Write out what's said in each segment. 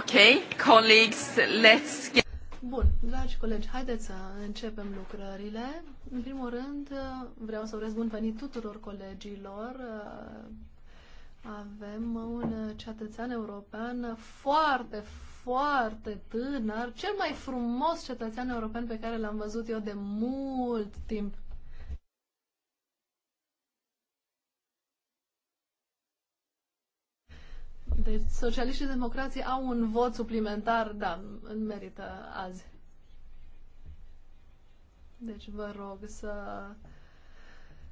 Ok, colleagues, let's get... Bun, dragi colegi, haideți să începem lucrările. În primul rând, vreau să urez bun venit tuturor colegilor. Avem un cetățean european foarte, foarte tânăr, cel mai frumos cetățean european pe care l-am văzut eu de mult timp Deci, socialiștii și democrații au un vot suplimentar, da, în merită azi. Deci, vă rog să,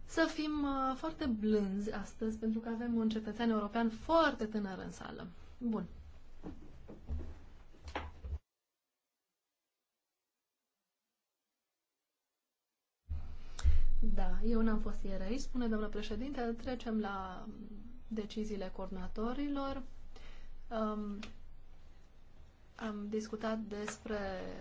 să fim uh, foarte blânzi astăzi, pentru că avem un cetățean european foarte tânăr în sală. Bun. Da, eu n-am fost ieri aici, spune doamna președinte, trecem la deciziile coordonatorilor. Um, am discutat despre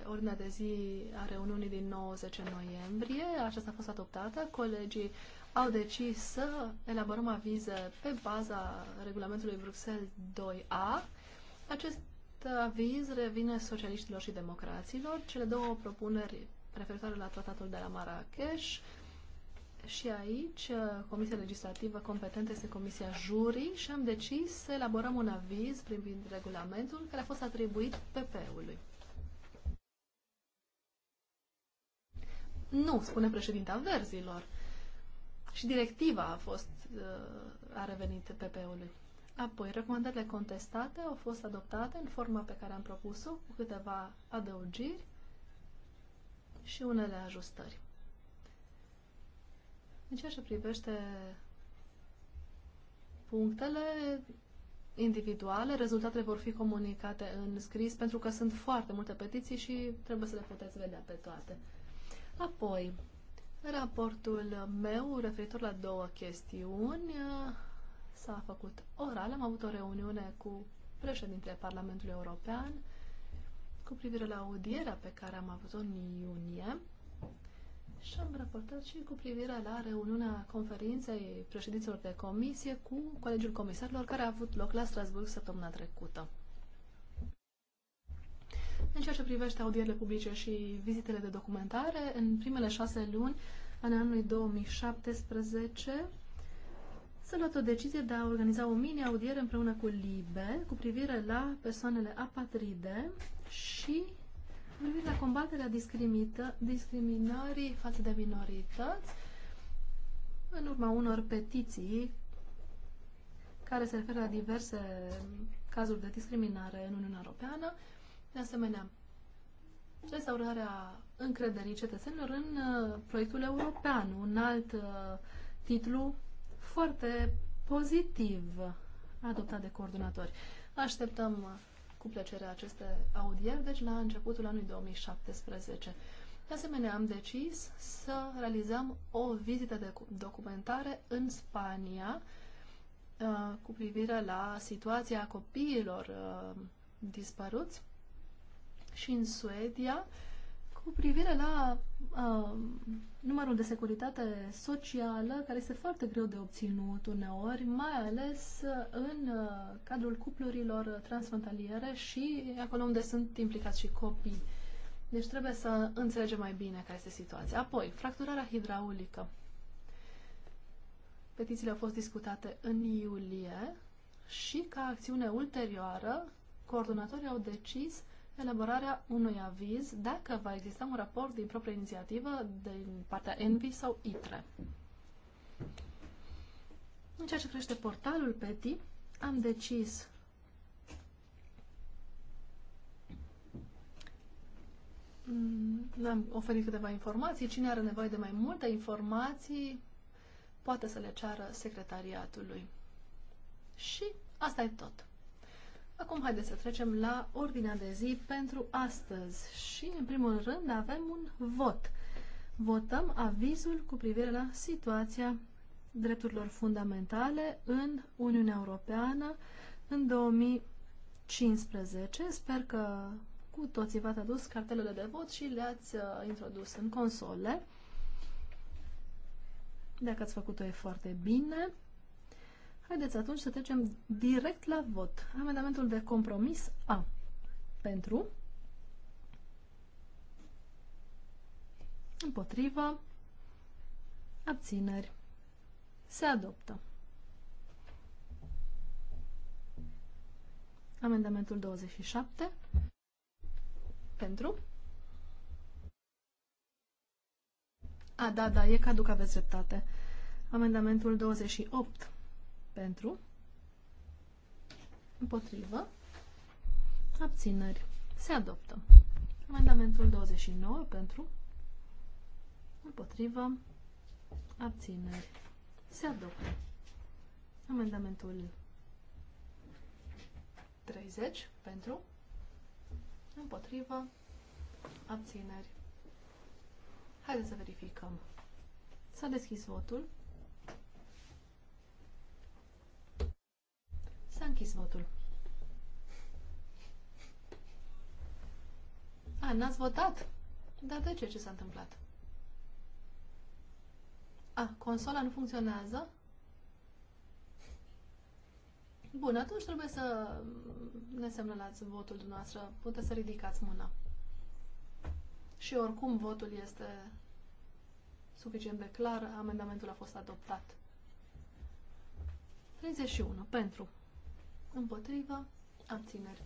ordinea de zi a reuniunii din 90 noiembrie. Aceasta a fost adoptată. Colegii au decis să elaborăm avize pe baza regulamentului Bruxelles 2A. Acest aviz revine socialiștilor și democraților. Cele două propuneri referitoare la tratatul de la Marrakesh și aici, uh, Comisia Legislativă competentă este Comisia Jurii și am decis să elaborăm un aviz privind regulamentul care a fost atribuit PP-ului. Nu, spune președinta verzilor. Și directiva a fost, uh, a revenit PP-ului. Apoi, recomandările contestate au fost adoptate în forma pe care am propus-o, cu câteva adăugiri și unele ajustări. În ceea ce privește punctele individuale, rezultatele vor fi comunicate în scris pentru că sunt foarte multe petiții și trebuie să le puteți vedea pe toate. Apoi, raportul meu referitor la două chestiuni s-a făcut oral. Am avut o reuniune cu președintele Parlamentului European cu privire la audierea pe care am avut-o în iunie și am raportat și cu privire la reuniunea conferinței președinților de comisie cu Colegiul Comisarilor care a avut loc la Strasburg săptămâna trecută. În ceea ce privește audierile publice și vizitele de documentare, în primele șase luni ale anului 2017 s-a luat o decizie de a organiza o mini-audiere împreună cu LIBE cu privire la persoanele apatride și privit la combaterea discriminării față de minorități în urma unor petiții care se referă la diverse cazuri de discriminare în Uniunea Europeană. De asemenea, restaurarea încrederii cetățenilor în uh, proiectul european, un alt uh, titlu foarte pozitiv adoptat de coordonatori. Așteptăm uh, cu plăcere aceste audieri, deci la începutul anului 2017. De asemenea, am decis să realizăm o vizită de documentare în Spania uh, cu privire la situația copiilor uh, dispăruți și în Suedia cu privire la uh, numărul de securitate socială, care este foarte greu de obținut uneori, mai ales în uh, cadrul cuplurilor transfrontaliere și acolo unde sunt implicați și copii. Deci trebuie să înțelegem mai bine care este situația. Apoi, fracturarea hidraulică. Petițiile au fost discutate în iulie și ca acțiune ulterioară, coordonatorii au decis elaborarea unui aviz dacă va exista un raport din proprie inițiativă din partea Envi sau ITRE. În ceea ce crește portalul PETI, am decis mm, am oferit câteva informații. Cine are nevoie de mai multe informații, poate să le ceară secretariatului. Și asta e tot. Acum haideți să trecem la ordinea de zi pentru astăzi și, în primul rând, avem un vot. Votăm avizul cu privire la situația drepturilor fundamentale în Uniunea Europeană în 2015. Sper că cu toții v-ați adus cartelele de vot și le-ați uh, introdus în console. Dacă ați făcut-o e foarte bine. Haideți atunci să trecem direct la vot. Amendamentul de compromis A. Pentru. Împotrivă. Abțineri. Se adoptă. Amendamentul 27. Pentru. A, da, da, e caduc, aveți dreptate. Amendamentul 28 pentru. Împotrivă. Abțineri. Se adoptă. Amendamentul 29 pentru. Împotrivă. Abțineri. Se adoptă. Amendamentul 30 pentru. Împotrivă. Abțineri. Haideți să verificăm. S-a deschis votul. S-a închis votul. A, n-ați votat? Dar de ce? Ce s-a întâmplat? A, consola nu funcționează? Bun, atunci trebuie să ne semnalați votul dumneavoastră. Puteți să ridicați mâna. Și oricum votul este suficient de clar. Amendamentul a fost adoptat. 31. Pentru împotrivă, abțineri.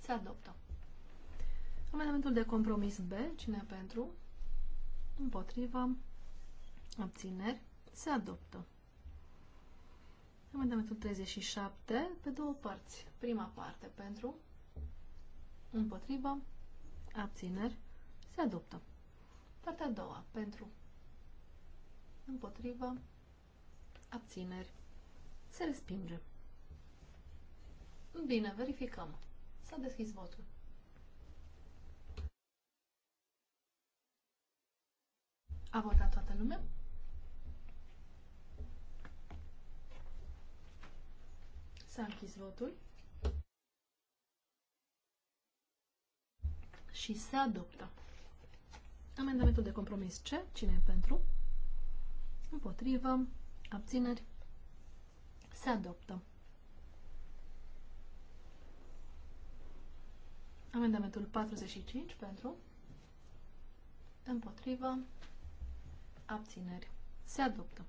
Se adoptă. Amendamentul de compromis B, cine pentru, împotrivă, abțineri, se adoptă. Amendamentul 37, pe două părți. Prima parte pentru, împotrivă, abțineri, se adoptă. Partea a doua, pentru, împotrivă, abțineri, se respinge. Bine, verificăm. S-a deschis votul. A votat toată lumea? S-a închis votul. Și se adoptă. Amendamentul de compromis C. Cine e pentru? Împotrivă. Abțineri. Se adoptă. Amendamentul 45 pentru, împotrivă, abțineri. Se adoptă.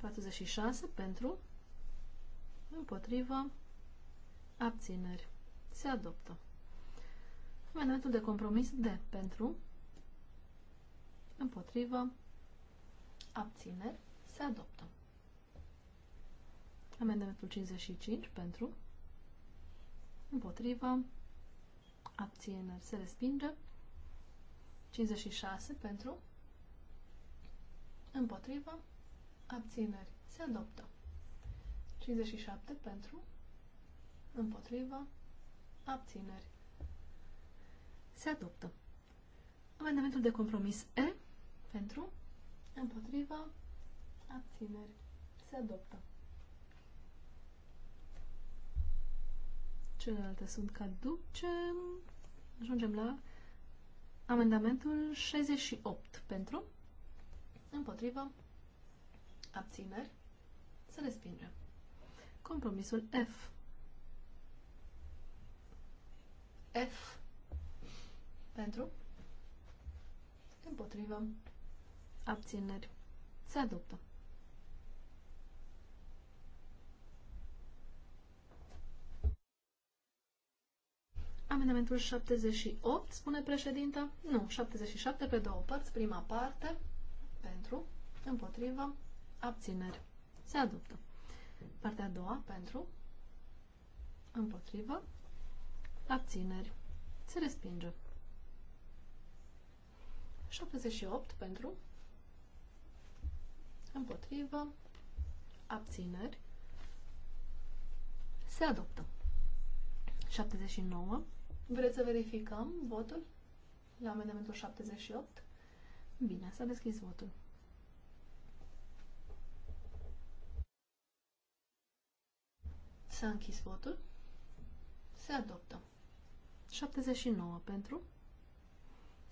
46 pentru, împotrivă, abțineri. Se adoptă. Amendamentul de compromis D pentru, împotrivă, abțineri. Se adoptă. Amendamentul 55 pentru, împotrivă, abțineri se respinge. 56 pentru, împotrivă, abțineri se adoptă. 57 pentru, împotrivă, abțineri se adoptă. Amendamentul de compromis E pentru, împotriva, abțineri se adoptă. Celelalte sunt caduce. Ajungem la amendamentul 68 pentru, împotrivă, abțineri, să respingem. Compromisul F. F pentru, împotrivă, abțineri, se adoptă. Amendamentul 78, spune președinta. Nu, 77 pe două părți. Prima parte, pentru, împotrivă, abțineri. Se adoptă. Partea a doua, pentru, împotrivă, abțineri. Se respinge. 78 pentru, împotrivă, abțineri. Se adoptă. 79 Vreți să verificăm votul la amendamentul 78? Bine, s-a deschis votul. S-a închis votul. Se adoptă. 79 pentru.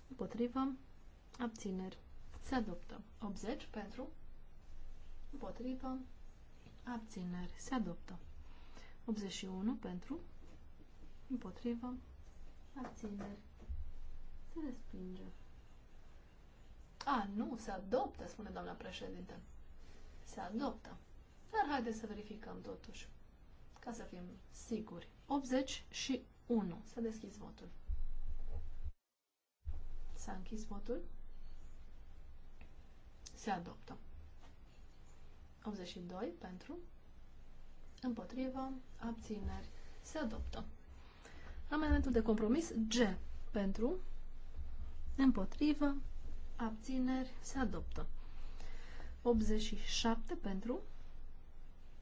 Împotrivă. Abțineri. Se adoptă. 80 pentru. Împotrivă. Abțineri. Se adoptă. 81 pentru. Împotrivă abțineri, se respinge. A, nu, se adoptă, spune doamna președinte. Se adoptă. Dar haideți să verificăm totuși, ca să fim siguri. 80 și 1. Să deschis votul. S-a închis votul. Se adoptă. 82 pentru, Împotrivă. abțineri, se adoptă. Amendamentul de compromis G pentru, împotrivă, abțineri, se adoptă. 87 pentru,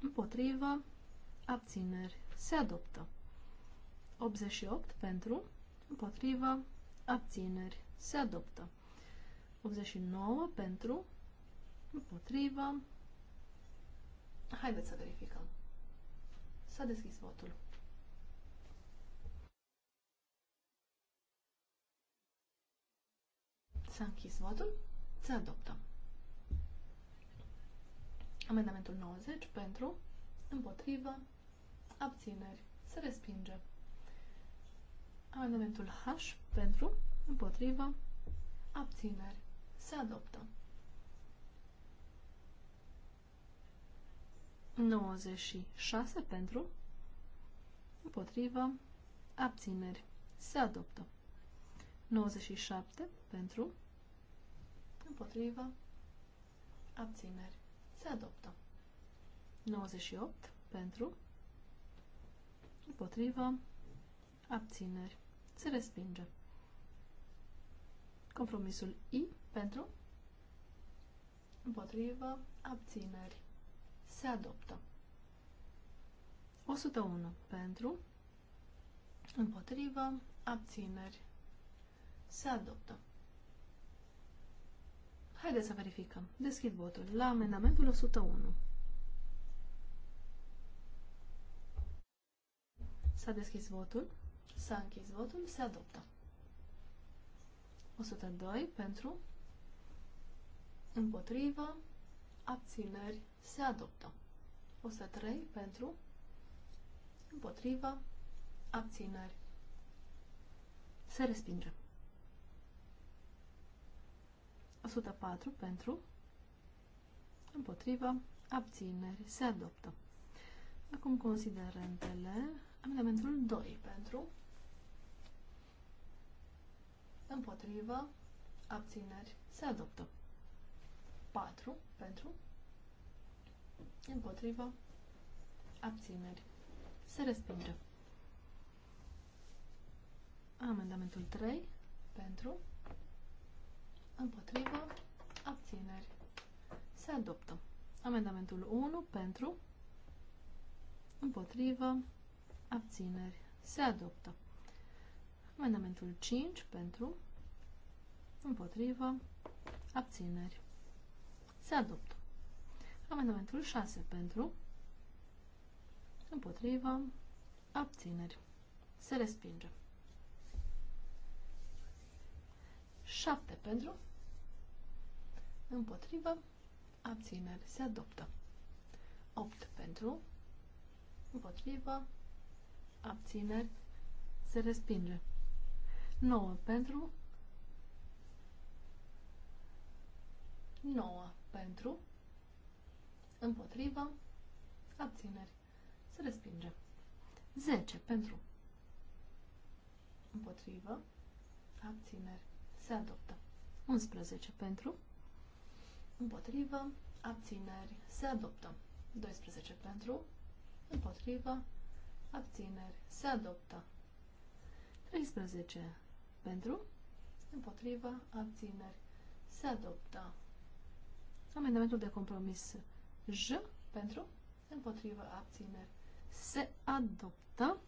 împotrivă, abțineri, se adoptă. 88 pentru, împotrivă, abțineri, se adoptă. 89 pentru, împotrivă. Haideți să verificăm. S-a deschis votul. S-a închis votul. Se adoptă. Amendamentul 90 pentru, împotrivă, abțineri. Se respinge. Amendamentul H pentru, împotrivă, abțineri. Se adoptă. 96 pentru, împotrivă, abțineri. Se adoptă. 97 pentru, Împotrivă. Abțineri. Se adoptă. 98 pentru. Împotrivă. Abțineri. Se respinge. Compromisul I pentru. Împotrivă. Abțineri. Se adoptă. 101 pentru. Împotrivă. Abțineri. Se adoptă. Haideți să verificăm. Deschid votul la amendamentul 101. S-a deschis votul, s-a închis votul, se adoptă. 102 pentru, împotrivă, abțineri, se adoptă. 103 pentru, împotrivă, abțineri, se respinge. 104 pentru, împotrivă, abțineri, se adoptă. Acum considerentele, amendamentul 2 pentru, împotrivă, abțineri, se adoptă. 4 pentru, împotrivă, abțineri, se respinge. Amendamentul 3 pentru, Împotrivă. Abțineri. Se adoptă. Amendamentul 1 pentru. Împotrivă. Abțineri. Se adoptă. Amendamentul 5 pentru. Împotrivă. Abțineri. Se adoptă. Amendamentul 6 pentru. Împotrivă. Abțineri. Se respinge. 7 pentru, împotrivă, abțineri, se adoptă. 8 pentru, împotrivă, abțineri, se respinge. 9 pentru, 9 pentru, împotrivă, abțineri, se respinge. 10 pentru, împotrivă, abțineri, se adoptă. 11 pentru, împotrivă, abțineri, se adoptă. 12 pentru, împotrivă, abțineri, se adoptă. 13 pentru, împotrivă, abțineri, se adoptă. Amendamentul de compromis J pentru, împotrivă, abțineri, se adoptă.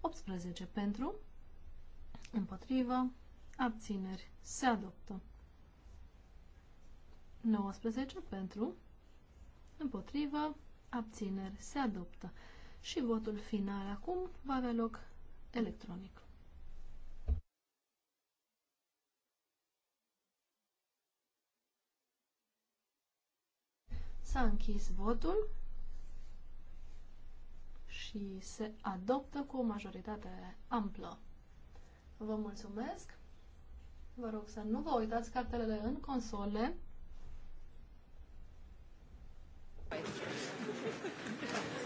18 pentru, împotrivă, Abțineri. Se adoptă. 19 pentru. Împotrivă. Abțineri. Se adoptă. Și votul final acum va avea loc electronic. S-a închis votul și se adoptă cu o majoritate amplă. Vă mulțumesc! Vă rog să nu vă uitați cartelele în console.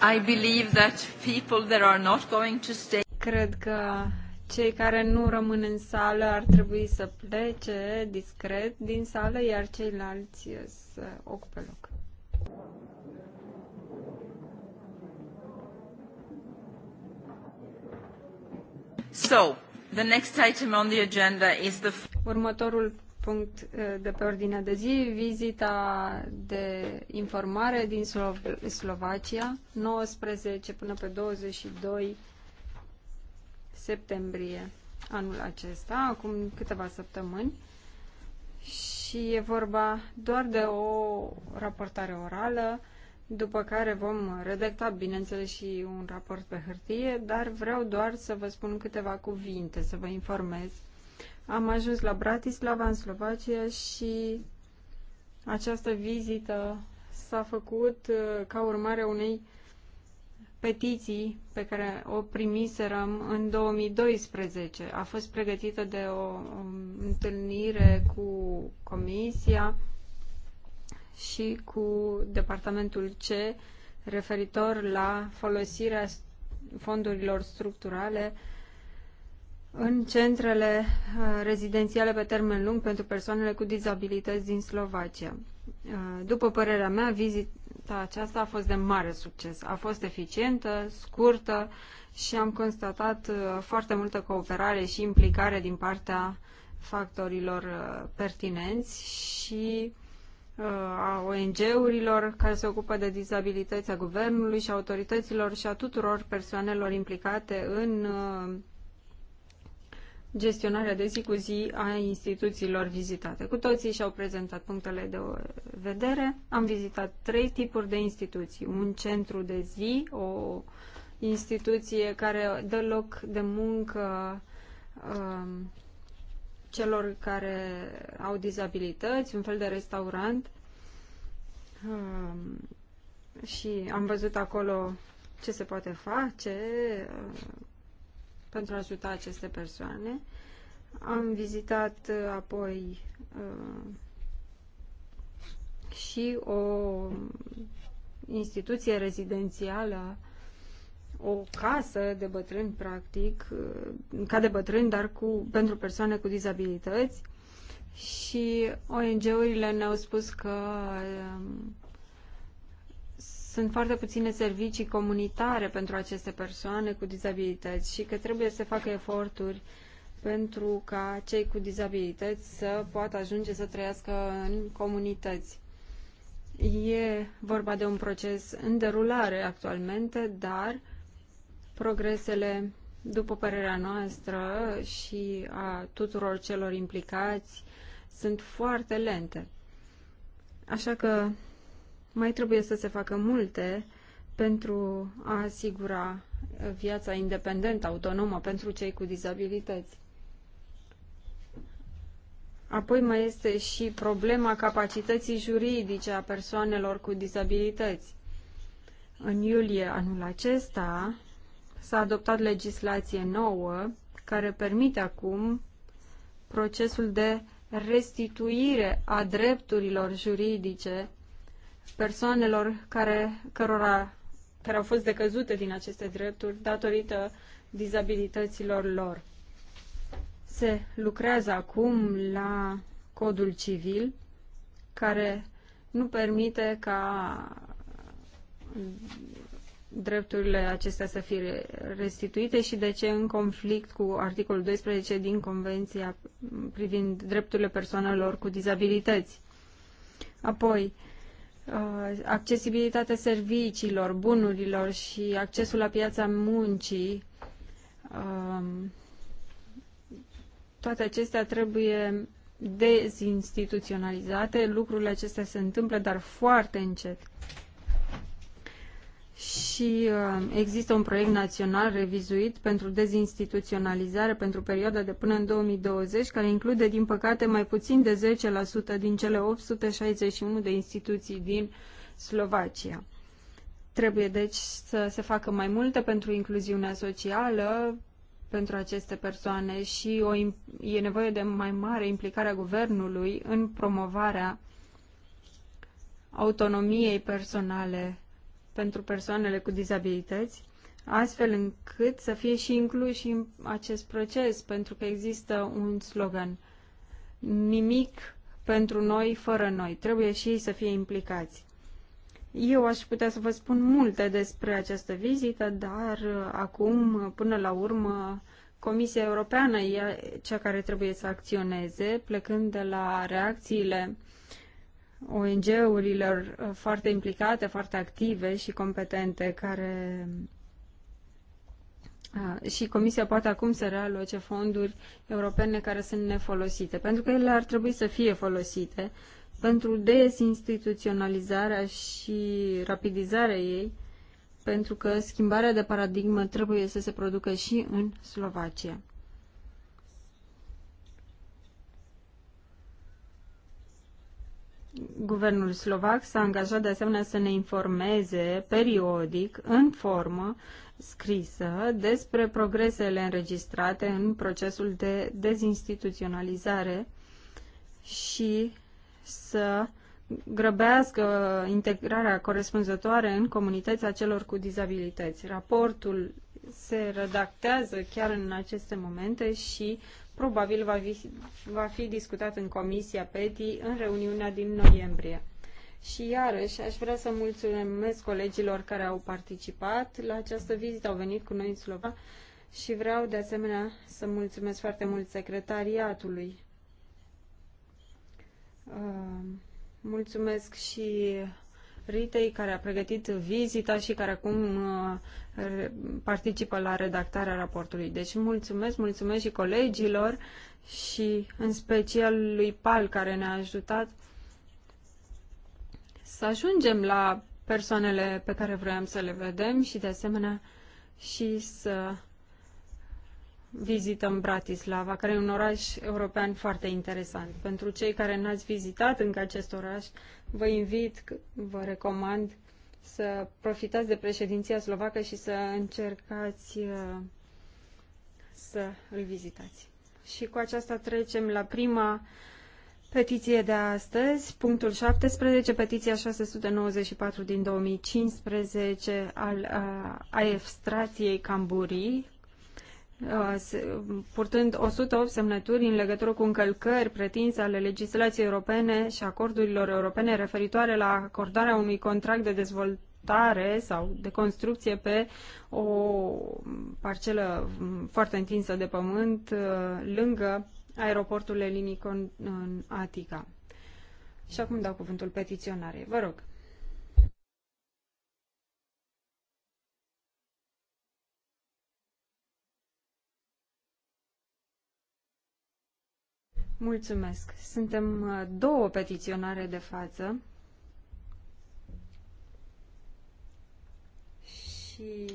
I believe that people that are not going to stay. Cred că cei care nu rămân în sală ar trebui să plece discret din sală, iar ceilalți să ocupe loc. So, the next item on the agenda is the Următorul punct uh, de pe ordinea de zi, vizita de informare din Slo Slovacia, 19 până pe 22 septembrie anul acesta, acum câteva săptămâni. Și e vorba doar de o raportare orală, după care vom redacta, bineînțeles, și un raport pe hârtie, dar vreau doar să vă spun câteva cuvinte, să vă informez am ajuns la Bratislava, în Slovacia, și această vizită s-a făcut uh, ca urmare a unei petiții pe care o primiserăm în 2012. A fost pregătită de o um, întâlnire cu Comisia și cu Departamentul C referitor la folosirea fondurilor structurale uh, în centrele uh, rezidențiale pe termen lung pentru persoanele cu dizabilități din Slovacia. Uh, după părerea mea, vizita aceasta a fost de mare succes. A fost eficientă, scurtă și am constatat uh, foarte multă cooperare și implicare din partea factorilor pertinenți și a ONG-urilor care se ocupă de dizabilități, a guvernului și autorităților și a tuturor persoanelor implicate în gestionarea de zi cu zi a instituțiilor vizitate. Cu toții și-au prezentat punctele de vedere. Am vizitat trei tipuri de instituții. Un centru de zi, o instituție care dă loc de muncă um, celor care au dizabilități, un fel de restaurant. Um, și am văzut acolo ce se poate face, uh, pentru a ajuta aceste persoane. Am vizitat uh, apoi uh, și o instituție rezidențială, o casă de bătrâni, practic, uh, ca de bătrâni, dar cu, pentru persoane cu dizabilități. Și ONG-urile ne-au spus că um, sunt foarte puține servicii comunitare pentru aceste persoane cu dizabilități și că trebuie să facă eforturi pentru ca cei cu dizabilități să poată ajunge să trăiască în comunități. E vorba de un proces în derulare actualmente, dar progresele, după părerea noastră și a tuturor celor implicați, sunt foarte lente. Așa că mai trebuie să se facă multe pentru a asigura viața independentă, autonomă pentru cei cu dizabilități. Apoi mai este și problema capacității juridice a persoanelor cu dizabilități. În iulie anul acesta s-a adoptat legislație nouă care permite acum procesul de restituire a drepturilor juridice persoanelor care, cărora, care au fost decăzute din aceste drepturi datorită dizabilităților lor. Se lucrează acum la codul civil care nu permite ca drepturile acestea să fie restituite și de ce în conflict cu articolul 12 din Convenția privind drepturile persoanelor cu dizabilități. Apoi, Uh, accesibilitatea serviciilor, bunurilor și accesul la piața muncii, um, toate acestea trebuie dezinstituționalizate. Lucrurile acestea se întâmplă, dar foarte încet și uh, există un proiect național revizuit pentru dezinstituționalizare pentru perioada de până în 2020, care include, din păcate, mai puțin de 10% din cele 861 de instituții din Slovacia. Trebuie, deci, să se facă mai multe pentru incluziunea socială pentru aceste persoane și o, e nevoie de mai mare implicare a guvernului în promovarea autonomiei personale pentru persoanele cu dizabilități, astfel încât să fie și incluși în acest proces, pentru că există un slogan nimic pentru noi fără noi. Trebuie și ei să fie implicați. Eu aș putea să vă spun multe despre această vizită, dar uh, acum, până la urmă, Comisia Europeană e cea care trebuie să acționeze, plecând de la reacțiile ONG-urilor uh, foarte implicate, foarte active și competente care a, uh, și Comisia poate acum să realoce fonduri europene care sunt nefolosite, pentru că ele ar trebui să fie folosite pentru desinstituționalizarea și rapidizarea ei, pentru că schimbarea de paradigmă trebuie să se producă și în Slovacia. Guvernul slovac s-a angajat de asemenea să ne informeze periodic, în formă scrisă, despre progresele înregistrate în procesul de dezinstituționalizare și să grăbească integrarea corespunzătoare în comunitatea celor cu dizabilități. Raportul se redactează chiar în aceste momente și probabil va fi, va fi discutat în Comisia PETI în reuniunea din noiembrie. Și iarăși aș vrea să mulțumesc colegilor care au participat la această vizită, au venit cu noi în Slova și vreau de asemenea să mulțumesc foarte mult secretariatului. Uh, mulțumesc și Ritei care a pregătit vizita și care acum uh, participă la redactarea raportului. Deci mulțumesc, mulțumesc și colegilor și în special lui Pal care ne-a ajutat să ajungem la persoanele pe care vroiam să le vedem și de asemenea și să vizităm Bratislava, care e un oraș european foarte interesant. Pentru cei care n-ați vizitat încă acest oraș, vă invit, vă recomand să profitați de președinția slovacă și să încercați uh, să îl vizitați. Și cu aceasta trecem la prima petiție de astăzi, punctul 17, petiția 694 din 2015 al uh, AEF Strației Camburii, Uh, purtând 108 semnături în legătură cu încălcări pretinse ale legislației europene și acordurilor europene referitoare la acordarea unui contract de dezvoltare sau de construcție pe o parcelă mm, foarte întinsă de pământ uh, lângă aeroportul Elinicon în Atica. Și acum dau cuvântul petiționarei. Vă rog. Mulțumesc. Suntem uh, două petiționare de față. Și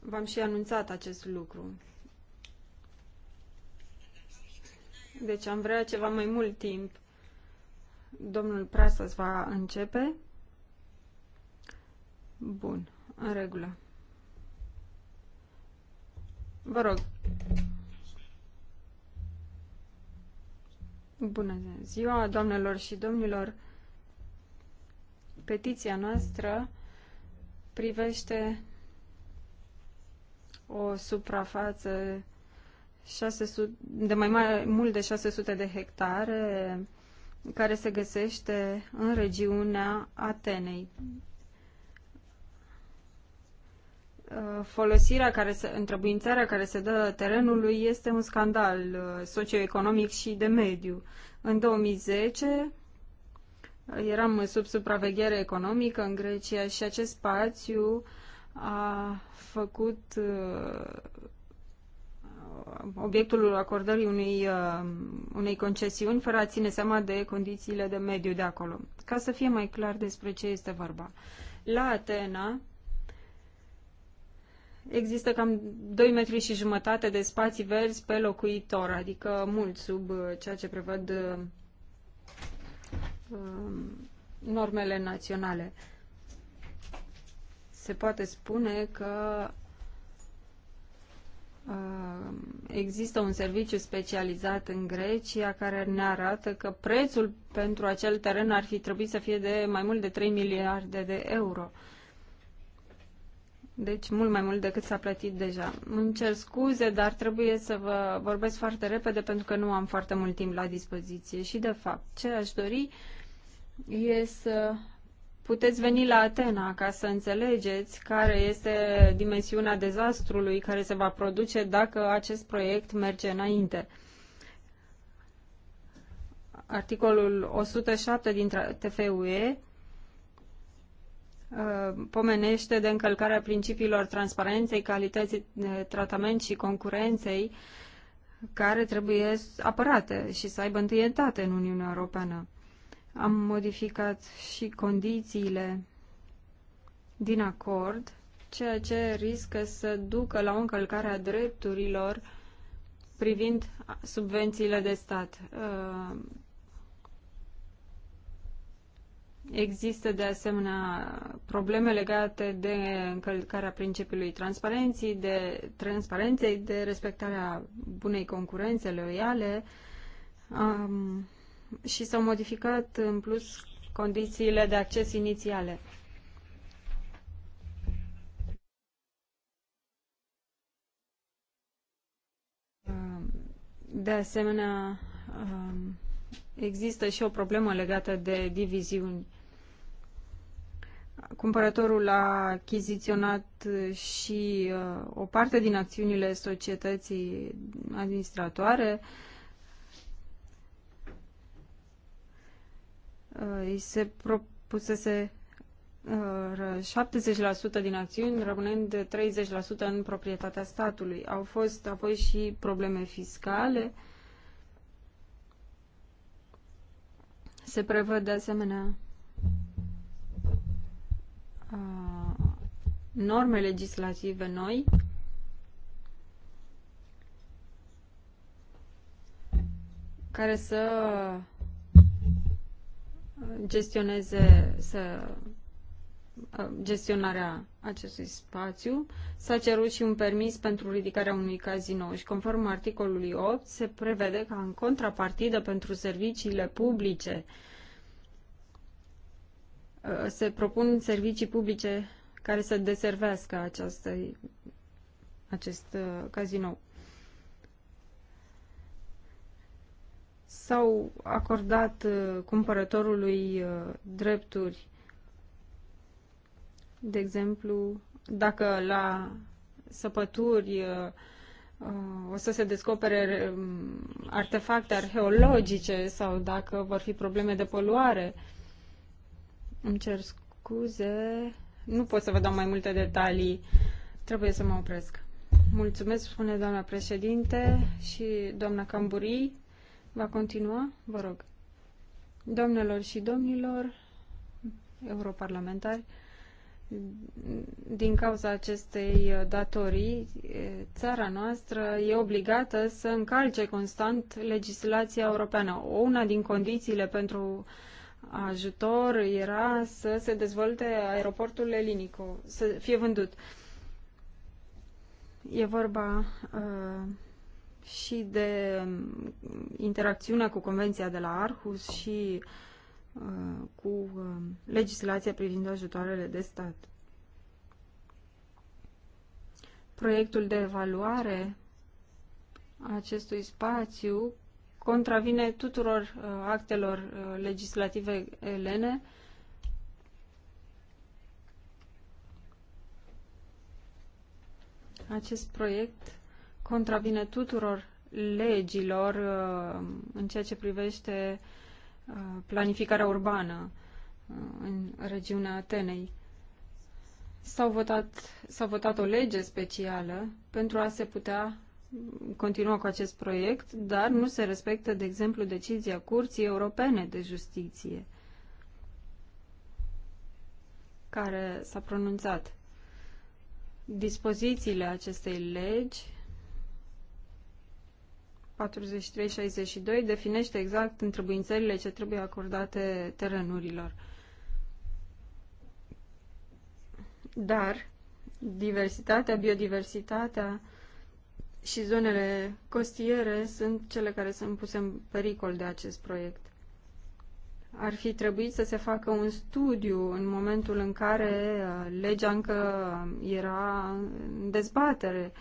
v-am și anunțat acest lucru. Deci am vrea ceva mai mult timp. Domnul Prasas va începe. Bun, în regulă. Vă rog. Bună ziua, doamnelor și domnilor! Petiția noastră privește o suprafață 600, de mai mare, mult de 600 de hectare care se găsește în regiunea Atenei, Uh, folosirea care se, întrebuințarea care se dă terenului este un scandal uh, socioeconomic și de mediu. În 2010 uh, eram sub supraveghere economică în Grecia și acest spațiu a făcut obiectul acordării unei, unei concesiuni fără a ține seama de condițiile de mediu de acolo. Ca să fie mai clar despre ce este vorba. La Atena, există cam 2 metri și jumătate de spații verzi pe locuitor, adică mult sub uh, ceea ce prevăd uh, um, normele naționale. Se poate spune că uh, există un serviciu specializat în Grecia care ne arată că prețul pentru acel teren ar fi trebuit să fie de mai mult de 3 miliarde de euro. Uh, deci mult mai mult decât s-a plătit deja. Îmi cer scuze, dar trebuie să vă vorbesc foarte repede pentru că nu am foarte mult timp la dispoziție. Și de fapt, ce aș dori e să puteți veni la Atena ca să înțelegeți care este dimensiunea dezastrului care se va produce dacă acest proiect merge înainte. Articolul 107 din TFUE Uh, pomenește de încălcarea principiilor transparenței, calității de uh, tratament și concurenței care trebuie apărate și să aibă întâietate în Uniunea Europeană. Am modificat și condițiile din acord, ceea ce riscă să ducă la o încălcare a drepturilor privind subvențiile de stat. Uh, Există de asemenea probleme legate de încălcarea principiului transparenței, de transparenței, de respectarea bunei concurențe loiale um, și s-au modificat în plus condițiile de acces inițiale. De asemenea, există și o problemă legată de diviziuni cumpărătorul a achiziționat și uh, o parte din acțiunile societății administratoare, uh, îi se propusese 70% uh, din acțiuni, rămânând 30% în proprietatea statului. Au fost apoi și probleme fiscale. Se prevăd de asemenea Uh, norme legislative noi care să gestioneze să, uh, gestionarea acestui spațiu. S-a cerut și un permis pentru ridicarea unui casino și conform articolului 8 se prevede ca în contrapartidă pentru serviciile publice uh, Uh, se propun servicii publice care să deservească această, acest uh, cazinou. S-au acordat uh, cumpărătorului drepturi, de exemplu, dacă la săpături o să se descopere um, artefacte arheologice sau dacă vor fi probleme de poluare. Îmi cer scuze, nu pot să vă dau mai multe detalii, trebuie să mă opresc. Mulțumesc, spune doamna președinte și doamna Camburii. Va continua? Vă rog. Doamnelor și domnilor, europarlamentari, din cauza acestei datorii, țara noastră e obligată să încalce constant legislația europeană. Una din condițiile pentru uh, ajutor era să se dezvolte aeroportul Elinico, să fie vândut. E vorba uh, și de um, interacțiunea cu Convenția de la Arhus și uh, cu uh, legislația privind ajutoarele de stat. Proiectul de evaluare a acestui spațiu contravine tuturor uh, actelor uh, legislative elene. Acest proiect contravine tuturor legilor uh, în ceea ce privește planificarea urbană în regiunea Atenei. S-a votat, votat o lege specială pentru a se putea continuă cu acest proiect, dar nu se respectă, de exemplu, decizia Curții Europene de Justiție care s-a pronunțat. Dispozițiile acestei legi 43-62 definește exact întrebuințările ce trebuie acordate terenurilor. Dar diversitatea, biodiversitatea, și zonele costiere sunt cele care sunt puse în pericol de acest proiect. Ar fi trebuit să se facă un studiu în momentul în care uh, legea încă era în dezbatere.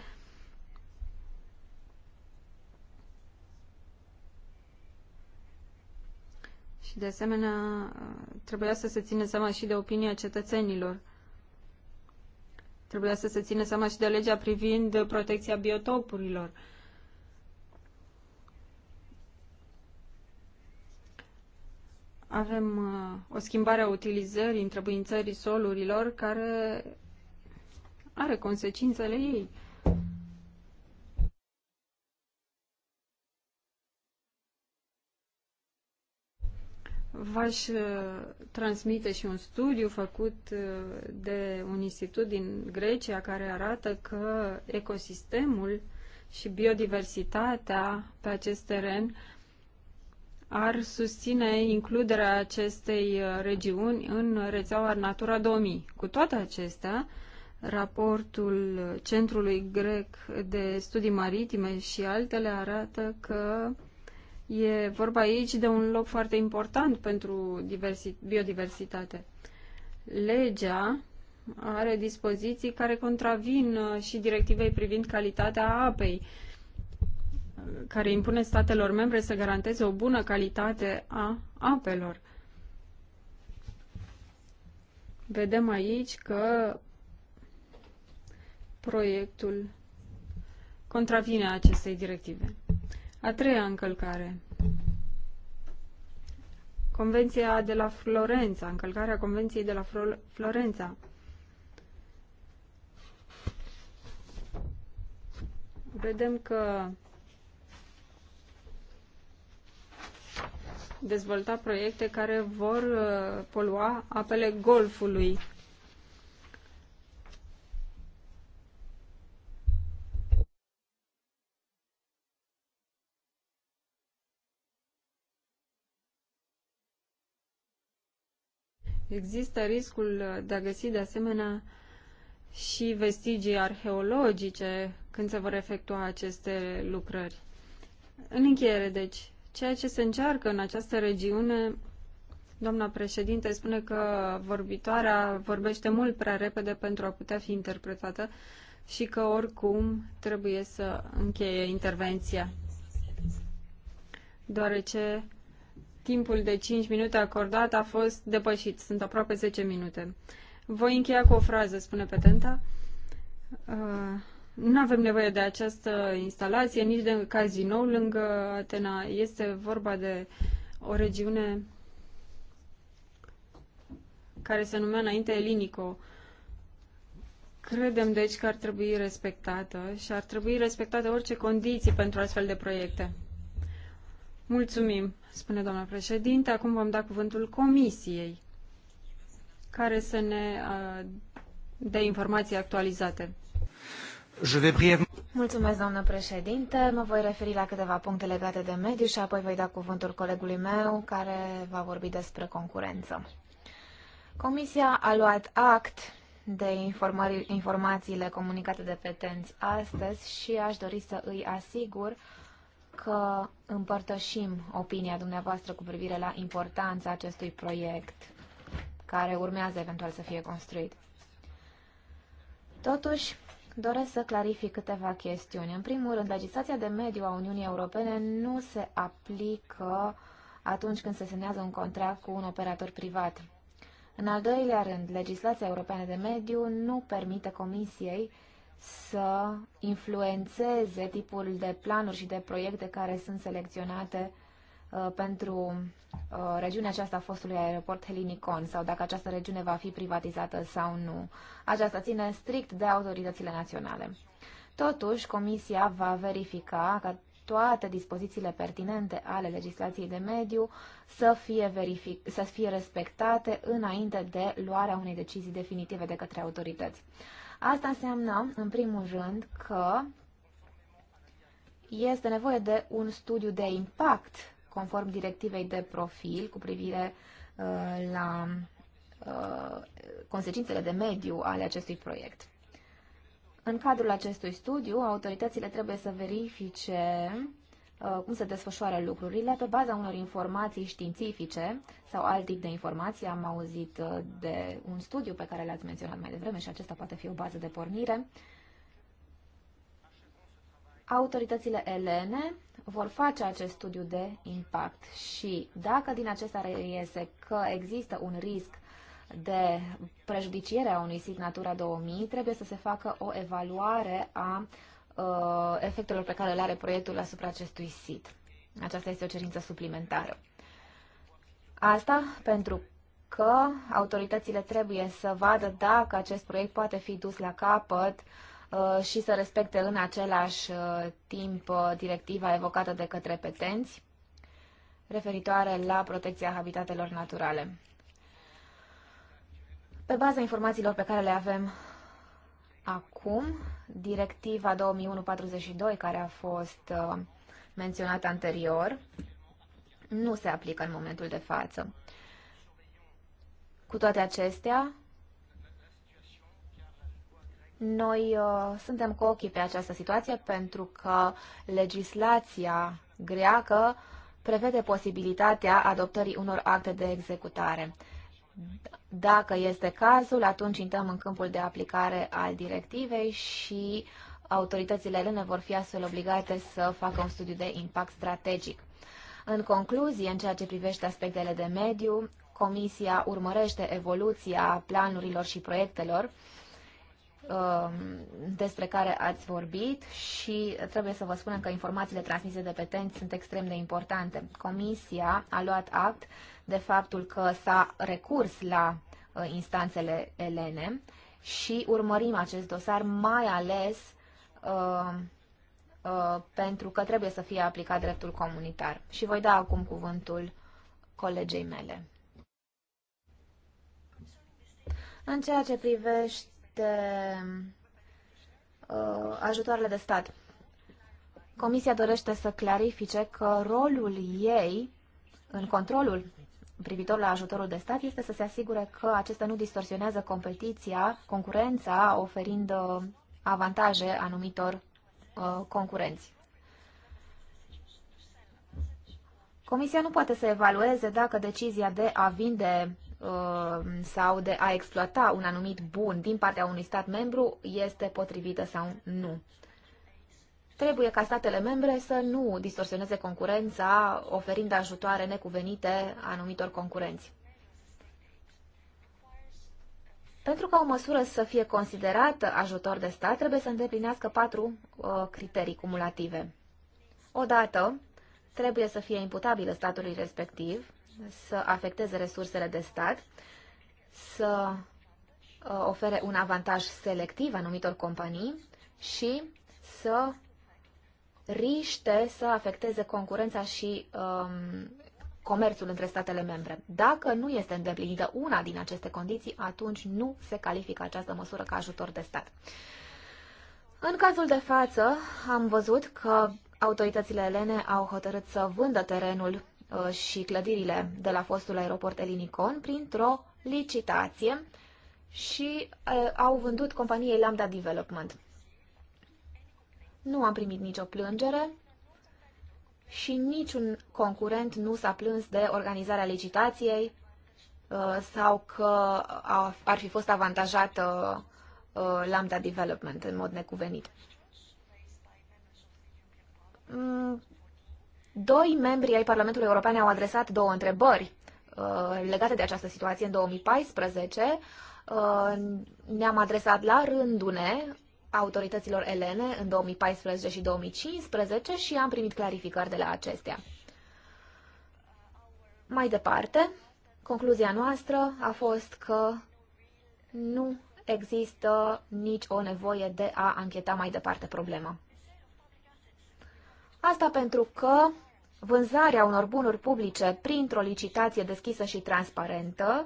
Și de asemenea uh, trebuia să se țină seama și de opinia cetățenilor. Trebuie să se țină seama și de legea privind protecția biotopurilor. Avem uh, o schimbare a utilizării, întrebuințării solurilor, care are consecințele ei. Uh, V-aș uh, transmite și un studiu făcut uh, de un institut din Grecia care arată că ecosistemul și biodiversitatea pe acest teren ar susține includerea acestei uh, regiuni în rețeaua Natura 2000. Cu toate acestea, raportul Centrului Grec de Studii Maritime și altele arată că E vorba aici de un loc foarte important pentru biodiversitate. Legea are dispoziții care contravin uh, și directivei privind calitatea apei, care impune statelor membre să garanteze o bună calitate a apelor. Vedem aici că proiectul contravine acestei directive. A treia încălcare Convenția de la Florența, încălcarea Convenției de la Florența. Vedem că dezvolta proiecte care vor uh, polua apele golfului Există riscul de a găsi de asemenea și vestigii arheologice când se vor efectua aceste lucrări. În încheiere, deci, ceea ce se încearcă în această regiune, doamna președinte spune că vorbitoarea vorbește mult prea repede pentru a putea fi interpretată și că oricum trebuie să încheie intervenția. Deoarece timpul de 5 minute acordat a fost depășit. Sunt aproape 10 minute. Voi încheia cu o frază, spune petenta. Uh, nu avem nevoie de această instalație, nici de cazinou lângă Atena. Este vorba de o regiune care se numea înainte Elinico. Credem, deci, că ar trebui respectată și ar trebui respectate orice condiții pentru astfel de proiecte. Mulțumim, spune doamna președinte. Acum vom da cuvântul comisiei care să ne dea informații actualizate. Mulțumesc, doamnă președinte. Mă voi referi la câteva puncte legate de mediu și apoi voi da cuvântul colegului meu care va vorbi despre concurență. Comisia a luat act de informațiile comunicate de petenți astăzi și aș dori să îi asigur că împărtășim opinia dumneavoastră cu privire la importanța acestui proiect care urmează eventual să fie construit. Totuși, doresc să clarific câteva chestiuni. În primul rând, legislația de mediu a Uniunii Europene nu se aplică atunci când se semnează un contract cu un operator privat. În al doilea rând, legislația europeană de mediu nu permite Comisiei să influențeze tipul de planuri și de proiecte care sunt selecționate uh, pentru uh, regiunea aceasta fostului aeroport Helinicon sau dacă această regiune va fi privatizată sau nu. Aceasta ține strict de autoritățile naționale. Totuși, Comisia va verifica că toate dispozițiile pertinente ale legislației de mediu să fie, verific- să fie respectate înainte de luarea unei decizii definitive de către autorități. Asta înseamnă, în primul rând, că este nevoie de un studiu de impact conform directivei de profil cu privire uh, la uh, consecințele de mediu ale acestui proiect. În cadrul acestui studiu, autoritățile trebuie să verifice Uh, cum se desfășoară lucrurile pe baza unor informații științifice sau alt tip de informații. Am auzit uh, de un studiu pe care l-ați menționat mai devreme și acesta poate fi o bază de pornire. Autoritățile elene vor face acest studiu de impact și dacă din acesta reiese că există un risc de prejudiciere a unui sit Natura 2000, trebuie să se facă o evaluare a uh, uh, efectelor pe care le are proiectul asupra acestui sit. Aceasta este o cerință suplimentară. Asta pentru că autoritățile trebuie să vadă dacă acest proiect poate fi dus la capăt uh, și să respecte în același uh, timp uh, directiva evocată de către petenți referitoare la protecția habitatelor naturale. Pe baza informațiilor pe care le avem acum, directiva 2001-42, care a fost uh, menționată anterior, nu se aplică în momentul de față. Cu toate acestea, noi uh, suntem cu ochii pe această situație pentru că legislația greacă prevede posibilitatea adoptării unor acte de executare. Dacă este cazul, atunci intrăm în câmpul de aplicare al directivei și autoritățile elene vor fi astfel obligate să facă un studiu de impact strategic. În concluzie, în ceea ce privește aspectele de mediu, Comisia urmărește evoluția planurilor și proiectelor um, despre care ați vorbit și trebuie să vă spunem că informațiile transmise de petenți sunt extrem de importante. Comisia a luat act de faptul că s-a recurs la uh, instanțele elene și urmărim acest dosar, mai ales uh, uh, pentru că trebuie să fie aplicat dreptul comunitar. Și voi da acum cuvântul colegei mele. În ceea ce privește uh, ajutoarele de stat, Comisia dorește să clarifice că rolul ei în controlul privitor la ajutorul de stat este să se asigure că acesta nu distorsionează competiția, concurența, oferind uh, avantaje anumitor uh, concurenți. Comisia nu poate să evalueze dacă decizia de a vinde uh, sau de a exploata un anumit bun din partea unui stat membru este potrivită sau nu. Trebuie ca statele membre să nu distorsioneze concurența oferind ajutoare necuvenite anumitor concurenți. Pentru ca o măsură să fie considerată ajutor de stat, trebuie să îndeplinească patru uh, criterii cumulative. Odată, trebuie să fie imputabilă statului respectiv, să afecteze resursele de stat, să uh, ofere un avantaj selectiv anumitor companii și să riște să afecteze concurența și um, comerțul între statele membre. Dacă nu este îndeplinită una din aceste condiții, atunci nu se califică această măsură ca ajutor de stat. În cazul de față, am văzut că autoritățile elene au hotărât să vândă terenul uh, și clădirile de la fostul aeroport Elinicon printr-o licitație și uh, au vândut companiei Lambda Development. Nu am primit nicio plângere și niciun concurent nu s-a plâns de organizarea licitației uh, sau că ar fi fost avantajată uh, Lambda Development în mod necuvenit. Mm, doi membri ai Parlamentului European au adresat două întrebări uh, legate de această situație în 2014. Ne-am adresat la rândune autorităților elene în 2014 și 2015 și am primit clarificări de la acestea. Mai departe, concluzia noastră a fost că nu există nici o nevoie de a ancheta mai departe problema. Asta pentru că vânzarea unor bunuri publice printr-o licitație deschisă și transparentă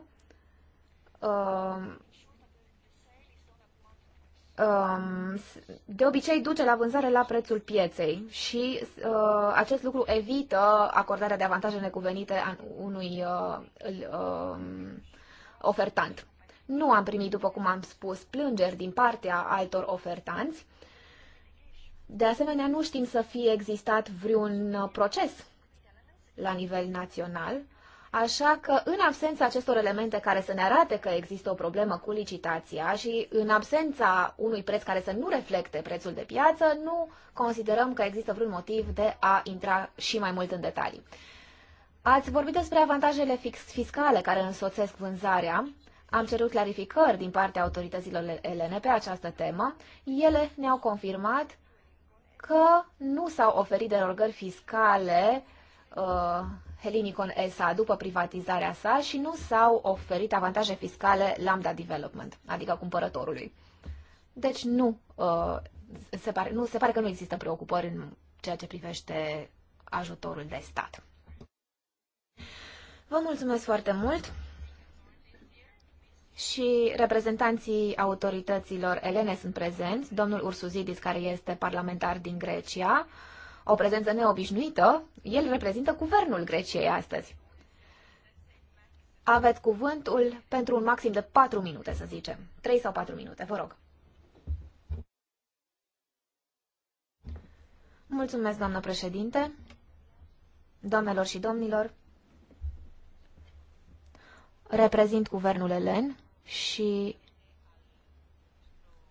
uh, Um, de obicei duce la vânzare la prețul pieței și uh, acest lucru evită acordarea de avantaje necuvenite unui uh, um, ofertant. Nu am primit, după cum am spus, plângeri din partea altor ofertanți. De asemenea, nu știm să fie existat vreun uh, proces la nivel național Așa că, în absența acestor elemente care să ne arate că există o problemă cu licitația și în absența unui preț care să nu reflecte prețul de piață, nu considerăm că există vreun motiv de a intra și mai mult în detalii. Ați vorbit despre avantajele fix fiscale care însoțesc vânzarea. Am cerut clarificări din partea autorităților elene pe această temă. Ele ne-au confirmat că nu s-au oferit derogări fiscale uh, Helinicon S.A. după privatizarea sa și nu s-au oferit avantaje fiscale Lambda Development, adică cumpărătorului. Deci nu, uh, se pare, nu, se pare că nu există preocupări în ceea ce privește ajutorul de stat. Vă mulțumesc foarte mult și reprezentanții autorităților elene sunt prezenți, domnul Ursuzidis, care este parlamentar din Grecia, o prezență neobișnuită, el reprezintă guvernul Greciei astăzi. Aveți cuvântul pentru un maxim de 4 minute, să zicem. 3 sau 4 minute, vă rog. Mulțumesc, doamnă președinte, doamnelor și domnilor. Reprezint guvernul elen și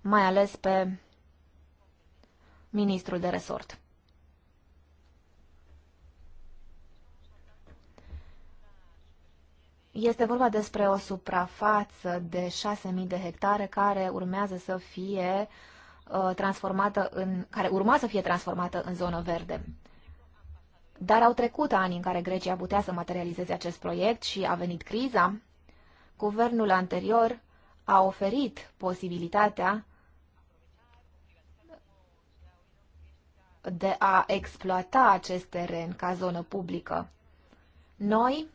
mai ales pe ministrul de resort. Este vorba despre o suprafață de 6.000 de hectare care urmează să fie uh, transformată în, care urma să fie transformată în zonă verde. Dar au trecut ani în care Grecia putea să materializeze acest proiect și a venit criza. Guvernul anterior a oferit posibilitatea de a exploata acest teren ca zonă publică. Noi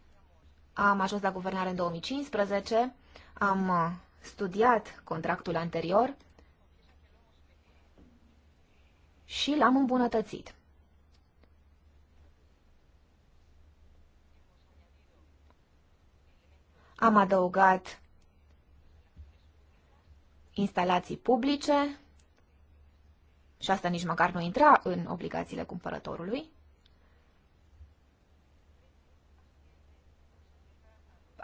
am ajuns la guvernare în 2015, am uh, studiat contractul anterior și l-am îmbunătățit. Am adăugat instalații publice și asta nici măcar nu intra în obligațiile cumpărătorului.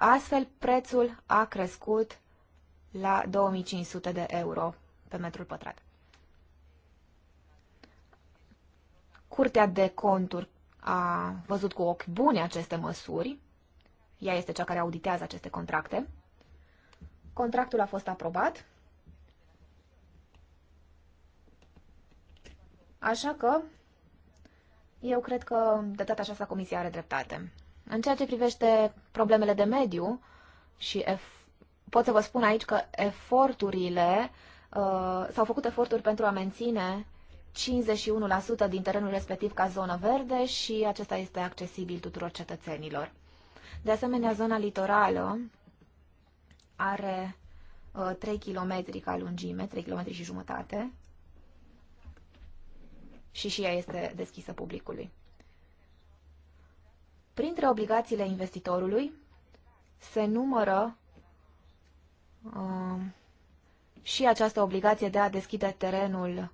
Astfel, prețul a crescut la 2500 de euro pe metru pătrat. Curtea de conturi a văzut cu ochi buni aceste măsuri. Ea este cea care auditează aceste contracte. Contractul a fost aprobat. Așa că eu cred că de data aceasta comisia are dreptate. În ceea ce privește problemele de mediu, și ef- pot să vă spun aici că eforturile, uh, s-au făcut eforturi pentru a menține 51% din terenul respectiv ca zonă verde și acesta este accesibil tuturor cetățenilor. De asemenea, zona litorală are uh, 3 km ca lungime, 3 km și jumătate și și ea este deschisă publicului. Printre obligațiile investitorului se numără uh, și această obligație de a deschide terenul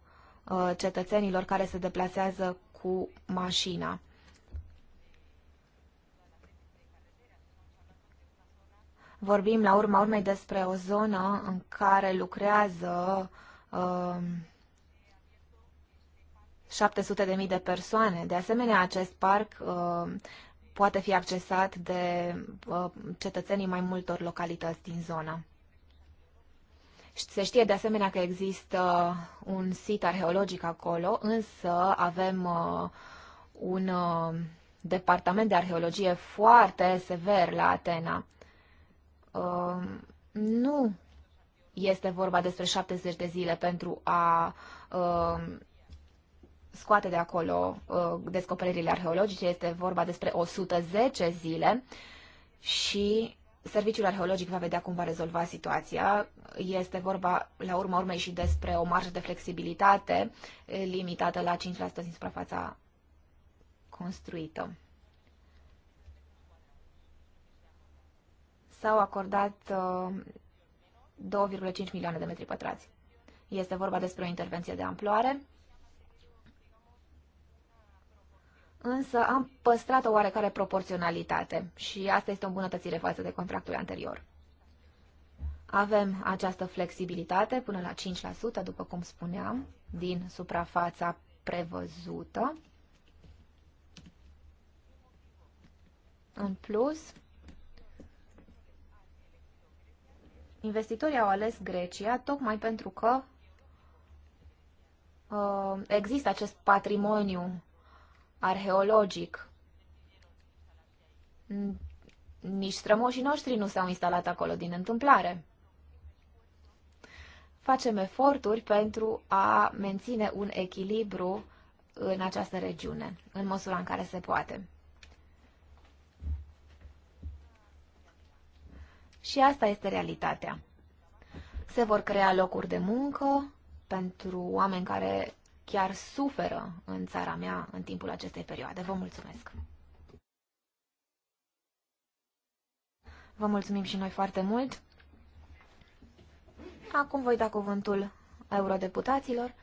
uh, cetățenilor care se deplasează cu mașina. Vorbim la urma urmei despre o zonă în care lucrează uh, 700.000 de persoane. De asemenea, acest parc uh, poate fi accesat de uh, cetățenii mai multor localități din zonă. Se știe de asemenea că există un sit arheologic acolo, însă avem uh, un uh, departament de arheologie foarte sever la Atena. Nu este vorba despre 70 de zile pentru a scoate de acolo uh, descoperirile arheologice, este vorba despre 110 zile și Serviciul arheologic va vedea cum va rezolva situația. Este vorba, la urma urmei, și despre o marjă de flexibilitate limitată la 5% din suprafața construită. S-au acordat uh, 2,5 milioane de metri pătrați. Este vorba despre o intervenție de amploare însă am păstrat o oarecare proporționalitate și asta este o îmbunătățire față de contractul anterior. Avem această flexibilitate până la 5%, după cum spuneam, din suprafața prevăzută. În plus, investitorii au ales Grecia tocmai pentru că uh, există acest patrimoniu arheologic. Nici strămoșii noștri nu s-au instalat acolo din întâmplare. Facem eforturi pentru a menține un echilibru în această regiune, în măsura în care se poate. Și asta este realitatea. Se vor crea locuri de muncă pentru oameni care chiar suferă în țara mea în timpul acestei perioade. Vă mulțumesc! Vă mulțumim și noi foarte mult! Acum voi da cuvântul eurodeputaților.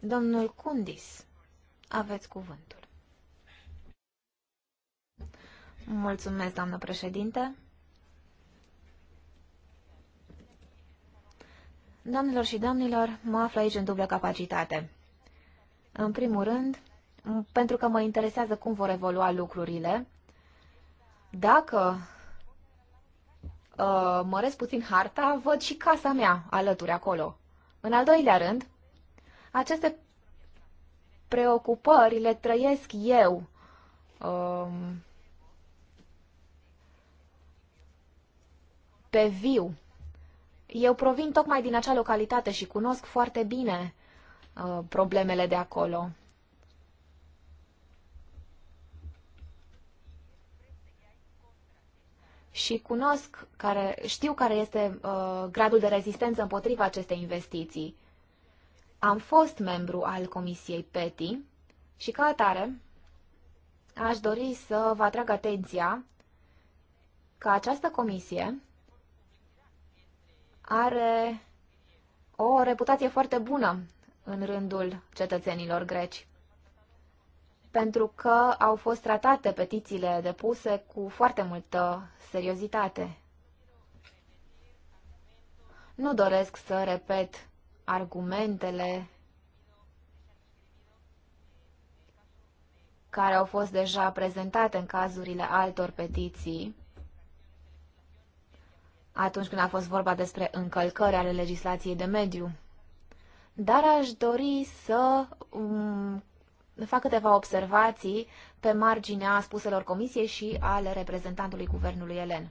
Domnul Cundis, aveți cuvântul. Mulțumesc, doamnă președinte. Doamnelor și domnilor, mă aflu aici în dublă capacitate. În primul rând, pentru că mă interesează cum vor evolua lucrurile, dacă uh, măresc puțin harta, văd și casa mea alături acolo. În al doilea rând, aceste preocupări le trăiesc eu. Uh, pe viu. Eu provin tocmai din acea localitate și cunosc foarte bine uh, problemele de acolo. și cunosc, care, știu care este uh, gradul de rezistență împotriva acestei investiții. Am fost membru al Comisiei PETI și ca atare aș dori să vă atrag atenția că această comisie are o reputație foarte bună în rândul cetățenilor greci, pentru că au fost tratate petițiile depuse cu foarte multă seriozitate. Nu doresc să repet argumentele care au fost deja prezentate în cazurile altor petiții, atunci când a fost vorba despre încălcări ale legislației de mediu. Dar aș dori să um, fac câteva observații pe marginea spuselor comisiei și ale reprezentantului guvernului Elen.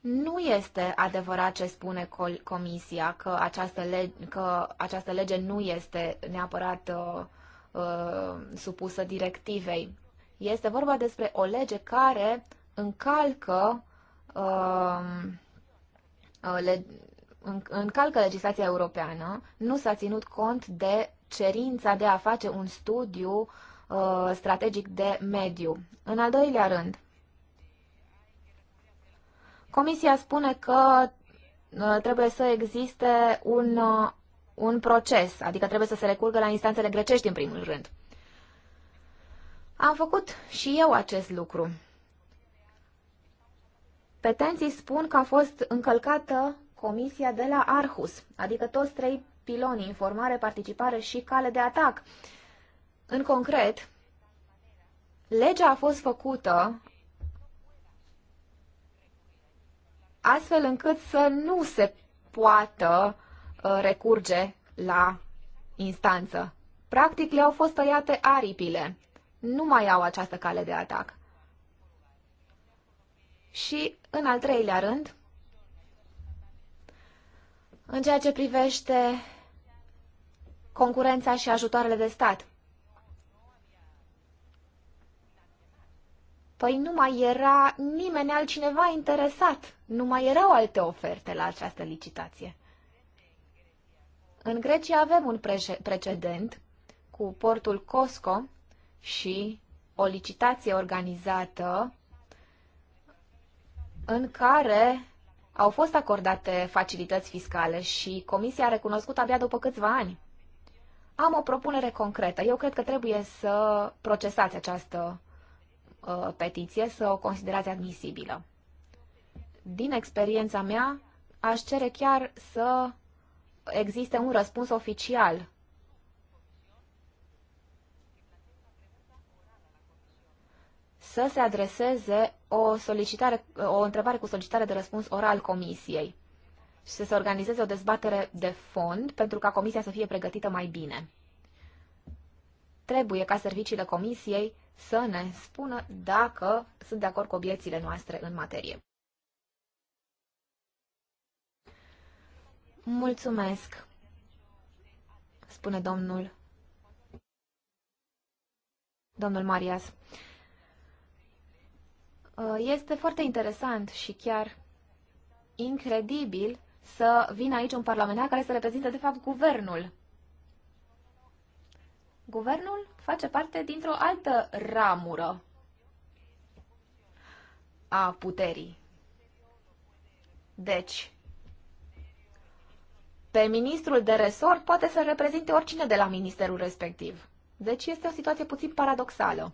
Nu este adevărat ce spune Comisia că această lege, că această lege nu este neapărat uh, uh, supusă directivei. Este vorba despre o lege care încalcă Um, uh, le, încalcă legislația europeană, nu s-a ținut cont de cerința de a face un studiu uh, strategic de mediu. În al doilea rând, Comisia spune că uh, trebuie să existe un, uh, un proces, adică trebuie să se recurgă la instanțele grecești în primul rând. Am făcut și eu acest lucru. Petenții spun că a fost încălcată comisia de la Arhus, adică toți trei piloni, informare, participare și cale de atac. În concret, legea a fost făcută astfel încât să nu se poată uh, recurge la instanță. Practic le-au fost tăiate aripile. Nu mai au această cale de atac. Și în al treilea rând, în ceea ce privește concurența și ajutoarele de stat. Păi nu mai era nimeni altcineva interesat, nu mai erau alte oferte la această licitație. În Grecia avem un precedent cu portul Cosco și o licitație organizată în care au fost acordate facilități fiscale și Comisia a recunoscut abia după câțiva ani. Am o propunere concretă. Eu cred că trebuie să procesați această uh, petiție, să o considerați admisibilă. Din experiența mea, aș cere chiar să existe un răspuns oficial să se adreseze o, solicitare, o întrebare cu solicitare de răspuns oral comisiei și să se organizeze o dezbatere de fond pentru ca comisia să fie pregătită mai bine. Trebuie ca serviciile comisiei să ne spună dacă sunt de acord cu obiecțiile noastre în materie. Mulțumesc, spune domnul, domnul Marias. Uh, este foarte interesant și chiar incredibil să vină aici un parlamentar care să reprezinte, de fapt, guvernul. Guvernul face parte dintr-o altă ramură a puterii. Deci, pe ministrul de resort poate să reprezinte oricine de la ministerul respectiv. Deci este o situație puțin paradoxală.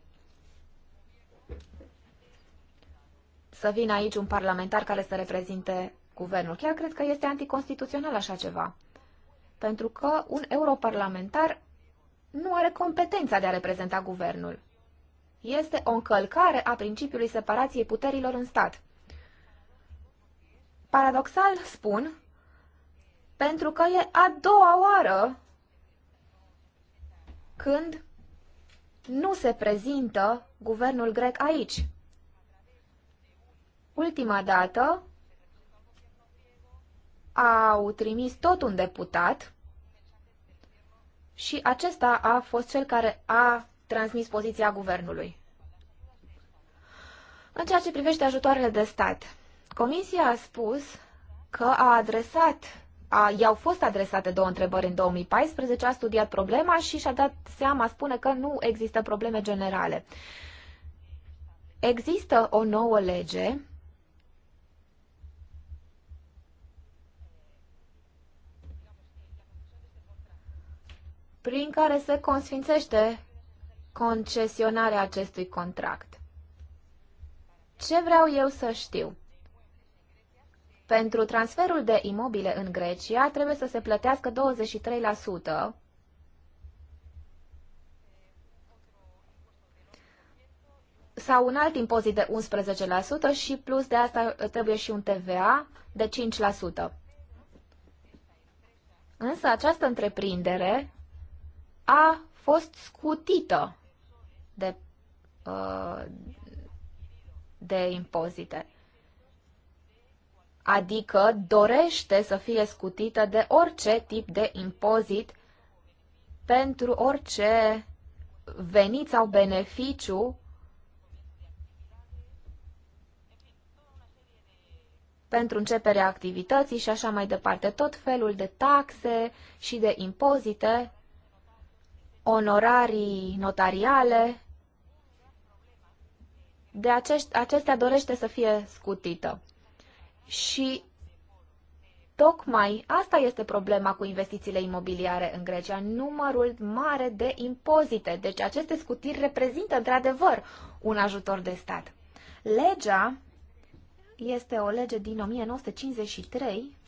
să vină aici un parlamentar care să reprezinte guvernul. Chiar cred că este anticonstituțional așa ceva. Pentru că un europarlamentar nu are competența de a reprezenta guvernul. Este o încălcare a principiului separației puterilor în stat. Paradoxal spun, pentru că e a doua oară când nu se prezintă guvernul grec aici. Ultima dată au trimis tot un deputat și acesta a fost cel care a transmis poziția guvernului. În ceea ce privește ajutoarele de stat, Comisia a spus că a adresat, a, i-au fost adresate două întrebări în 2014, a studiat problema și și-a dat seama, spune că nu există probleme generale. Există o nouă lege prin care se consfințește concesionarea acestui contract. Ce vreau eu să știu? Pentru transferul de imobile în Grecia trebuie să se plătească 23% sau un alt impozit de 11% și plus de asta trebuie și un TVA de 5%. Însă această întreprindere a fost scutită de, uh, de impozite. Adică dorește să fie scutită de orice tip de impozit pentru orice venit sau beneficiu pentru începerea activității și așa mai departe. Tot felul de taxe și de impozite onorarii notariale, de acești, acestea dorește să fie scutită. Și tocmai asta este problema cu investițiile imobiliare în Grecia, numărul mare de impozite. Deci aceste scutiri reprezintă într-adevăr un ajutor de stat. Legea este o lege din 1953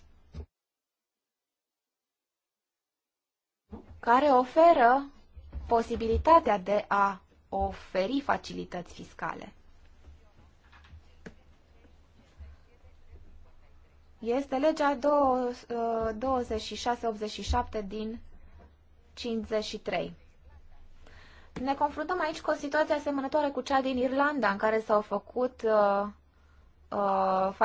care oferă posibilitatea de a oferi facilități fiscale. Este legea 2687 uh, din 53. Ne confruntăm aici cu o situație asemănătoare cu cea din Irlanda, în care s-au făcut, uh,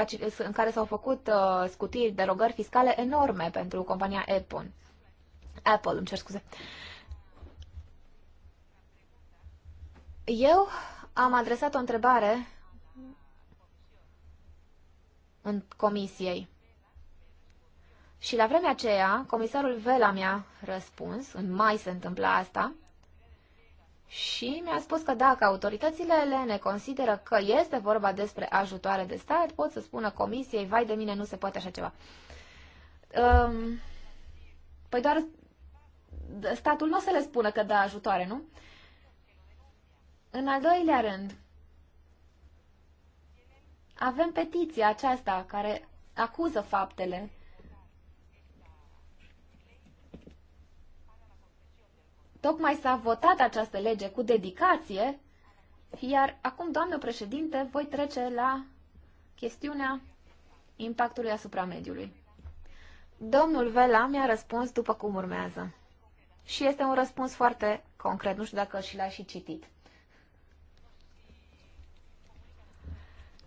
uh, în care s-au făcut uh, scutiri de rogări fiscale enorme pentru compania Apple. Apple, îmi cer scuze. Uh, Eu am adresat o întrebare în comisiei. Și la vremea aceea, comisarul Vela mi-a răspuns, în mai se întâmplă asta, și mi-a spus că dacă autoritățile elene consideră că este vorba despre ajutoare de stat, pot să spună comisiei, vai de mine, nu se poate așa ceva. Um, păi doar statul nu o să le spună că da ajutoare, nu? În al doilea rând, avem petiția aceasta care acuză faptele. Tocmai s-a votat această lege cu dedicație, iar acum, doamnă președinte, voi trece la chestiunea impactului asupra mediului. Domnul Vela mi-a răspuns după cum urmează. Și este un răspuns foarte concret, nu știu dacă și l-a și citit.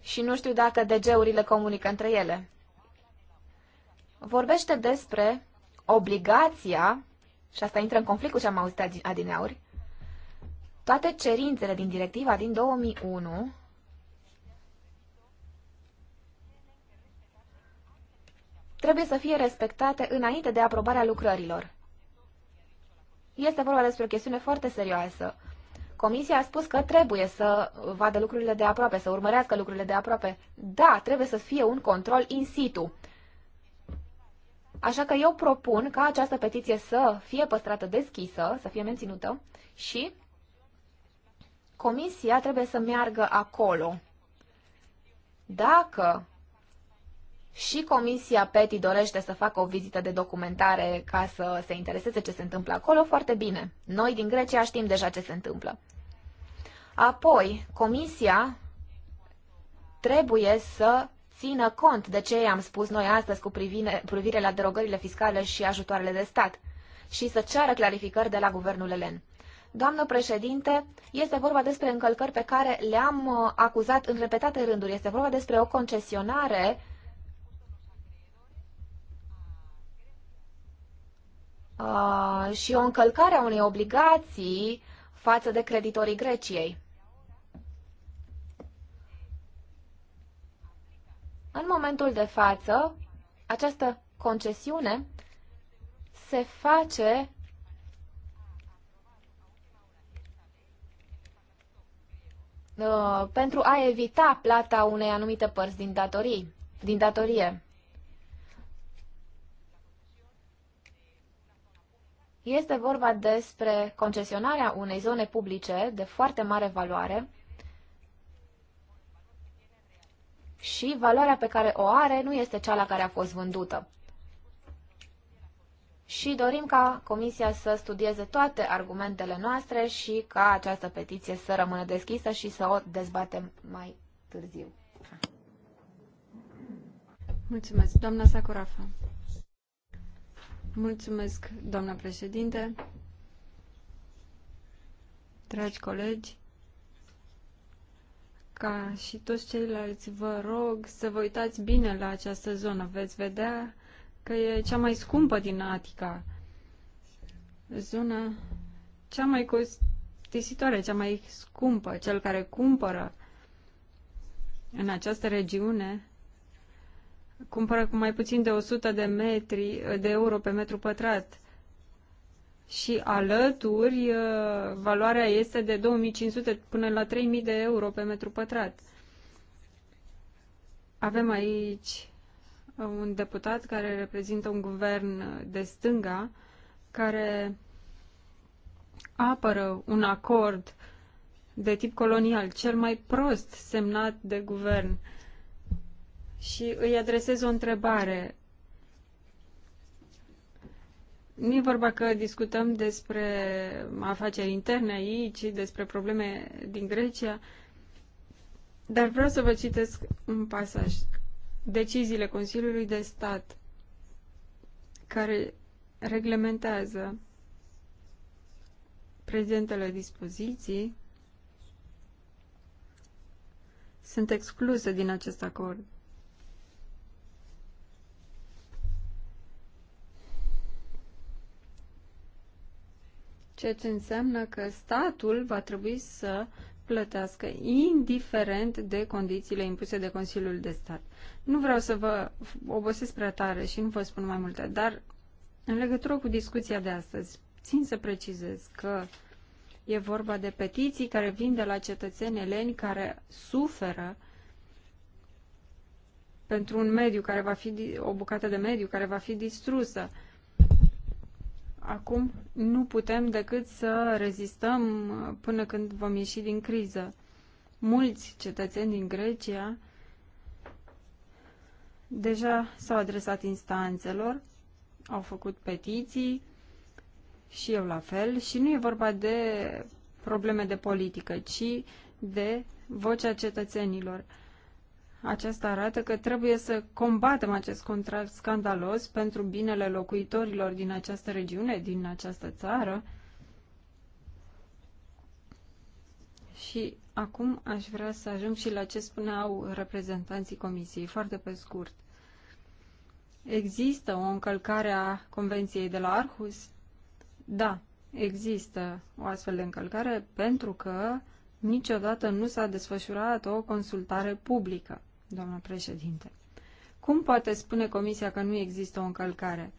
și nu știu dacă DG-urile comunică între ele. Vorbește despre obligația, și asta intră în conflict cu ce am auzit adineauri, toate cerințele din directiva din 2001 trebuie să fie respectate înainte de aprobarea lucrărilor. Este vorba despre o chestiune foarte serioasă. Comisia a spus că trebuie să vadă lucrurile de aproape, să urmărească lucrurile de aproape. Da, trebuie să fie un control in situ. Așa că eu propun ca această petiție să fie păstrată deschisă, să fie menținută și Comisia trebuie să meargă acolo. Dacă și Comisia PETI dorește să facă o vizită de documentare ca să se intereseze ce se întâmplă acolo, foarte bine. Noi din Grecia știm deja ce se întâmplă. Apoi, Comisia trebuie să țină cont de ce am spus noi astăzi cu privire, privire la derogările fiscale și ajutoarele de stat și să ceară clarificări de la guvernul elen. Doamnă președinte, este vorba despre încălcări pe care le-am uh, acuzat în repetate rânduri. Este vorba despre o concesionare uh, și o încălcare a unei obligații față de creditorii Greciei. În momentul de față, această concesiune se face ah, pentru a evita plata unei anumite părți din datorii, din datorie. Este vorba despre concesionarea unei zone publice de foarte mare valoare și valoarea pe care o are nu este cea la care a fost vândută. Și dorim ca Comisia să studieze toate argumentele noastre și ca această petiție să rămână deschisă și să o dezbatem mai târziu. Mulțumesc. Doamna Sacorafa. Mulțumesc, doamna președinte. Dragi colegi, ca și toți ceilalți, vă rog să vă uitați bine la această zonă. Veți vedea că e cea mai scumpă din Atica. Zona cea mai costisitoare, cea mai scumpă. Cel care cumpără în această regiune cumpără cu mai puțin de 100 de, metri, de euro pe metru pătrat. Și alături, uh, valoarea este de 2500 până la 3000 de euro pe metru pătrat. Avem aici uh, un deputat care reprezintă un guvern uh, de stânga, care apără un acord de tip colonial, cel mai prost semnat de guvern și îi adresez o întrebare. Nu e vorba că discutăm despre afaceri interne aici, despre probleme din Grecia, dar vreau să vă citesc un pasaj. Deciziile Consiliului de Stat care reglementează prezentele dispoziții sunt excluse din acest acord. ceea ce înseamnă că statul va trebui să plătească, indiferent de condițiile impuse de Consiliul de Stat. Nu vreau să vă obosesc prea tare și nu vă spun mai multe, dar în legătură cu discuția de astăzi, țin să precizez că e vorba de petiții care vin de la cetățeni eleni care suferă pentru un mediu care va fi, o bucată de mediu care va fi distrusă. Uh, Acum nu putem decât să rezistăm până când vom ieși din criză. Mulți cetățeni din Grecia deja s-au adresat instanțelor, au făcut petiții și eu la fel și nu e vorba de probleme de politică, ci de vocea cetățenilor. Aceasta arată că trebuie să combatem acest contract scandalos pentru binele locuitorilor din această regiune, din această țară. Și acum aș vrea să ajung și la ce spuneau reprezentanții Comisiei, foarte pe scurt. Există o încălcare a Convenției de la Arhus? Da, există o astfel de încălcare pentru că niciodată nu s-a desfășurat o consultare publică doamnă președinte. Cum poate spune Comisia că nu există o încălcare?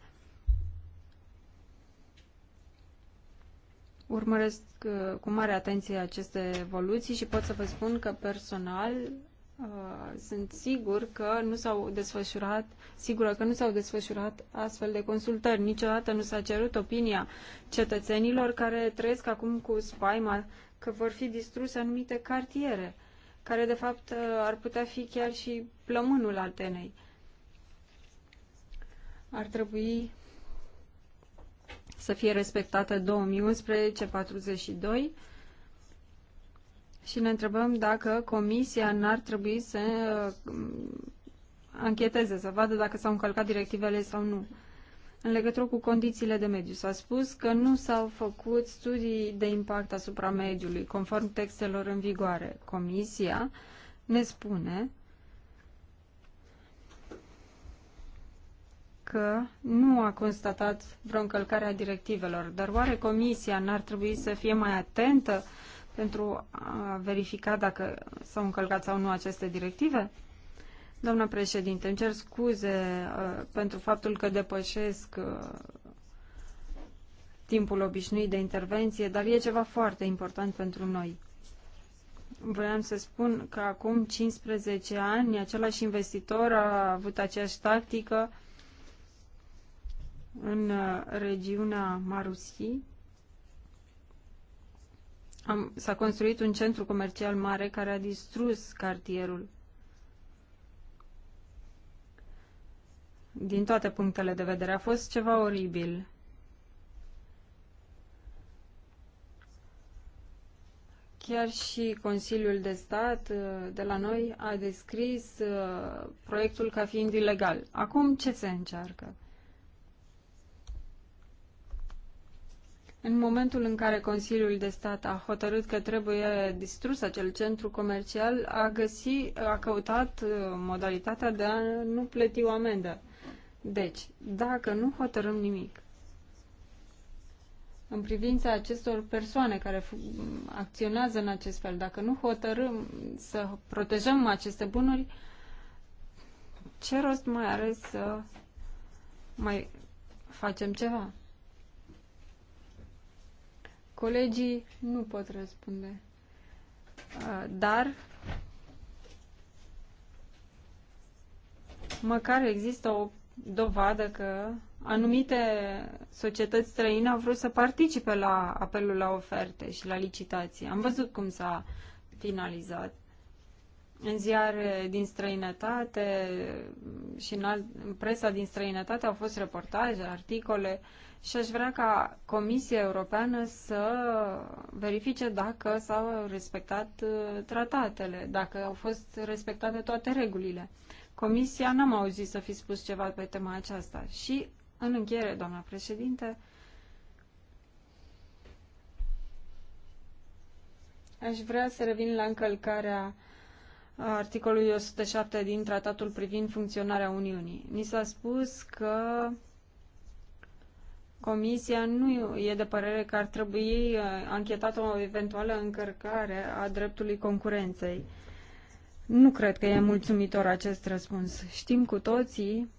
Urmăresc uh, cu mare atenție aceste evoluții și pot să vă spun că personal uh, sunt sigur că nu s-au desfășurat, sigur că nu s-au desfășurat astfel de consultări. Niciodată nu s-a cerut opinia cetățenilor care trăiesc acum cu spaima că vor fi distruse anumite cartiere care de fapt uh, ar putea fi chiar și plămânul Atenei. Ar trebui să fie respectată 2011 42 și ne întrebăm dacă comisia n-ar trebui să ancheteze, uh, să vadă dacă s-au încălcat directivele sau nu. În legătură cu condițiile de mediu, s-a spus că nu s-au făcut studii de impact asupra mediului, conform textelor în vigoare. Comisia ne spune că nu a constatat vreo încălcare a directivelor, dar oare Comisia n-ar trebui să fie mai atentă pentru a verifica dacă s-au încălcat sau nu aceste directive? Doamna președinte, îmi cer scuze uh, pentru faptul că depășesc uh, timpul obișnuit de intervenție, dar e ceva foarte important pentru noi. Vreau să spun că acum 15 ani același investitor a avut aceeași tactică în uh, regiunea Marusi. s-a construit un centru comercial mare care a distrus cartierul din toate punctele de vedere. A fost ceva oribil. Chiar și Consiliul de Stat uh, de la noi a descris uh, proiectul ca fiind ilegal. Acum ce se încearcă? În momentul în care Consiliul de Stat a hotărât că trebuie distrus acel centru comercial, a, găsit, a căutat uh, modalitatea de a nu plăti o amendă. Deci, dacă nu hotărâm nimic în privința acestor persoane care acționează în acest fel, dacă nu hotărâm să protejăm aceste bunuri, ce rost mai are să mai facem ceva? Colegii nu pot răspunde. Dar măcar există o dovadă că anumite societăți străine au vrut să participe la apelul la oferte și la licitații. Am văzut cum s-a finalizat. În ziare din străinătate și în, alt, în presa din străinătate au fost reportaje, articole și aș vrea ca Comisia Europeană să verifice dacă s-au respectat uh, tratatele, dacă au fost respectate toate regulile. Comisia n-am auzit să fi spus ceva pe tema aceasta. Și, în încheiere, doamna președinte, aș vrea să revin la încălcarea articolului 107 din tratatul privind funcționarea Uniunii. Ni s-a spus că Comisia nu e de părere că ar trebui uh, anchetată o eventuală încărcare a dreptului concurenței. Nu cred că e mulțumitor acest răspuns. Știm cu toții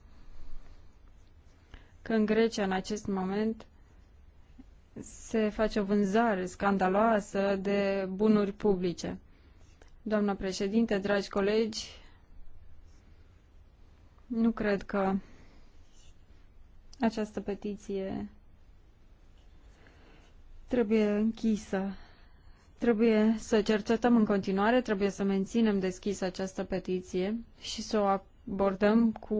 că în Grecia, în acest moment, se face o vânzare scandaloasă de bunuri publice. Doamna președinte, dragi colegi, nu cred că această petiție trebuie închisă. Trebuie să cercetăm în continuare, trebuie să menținem deschis această petiție și să o abordăm cu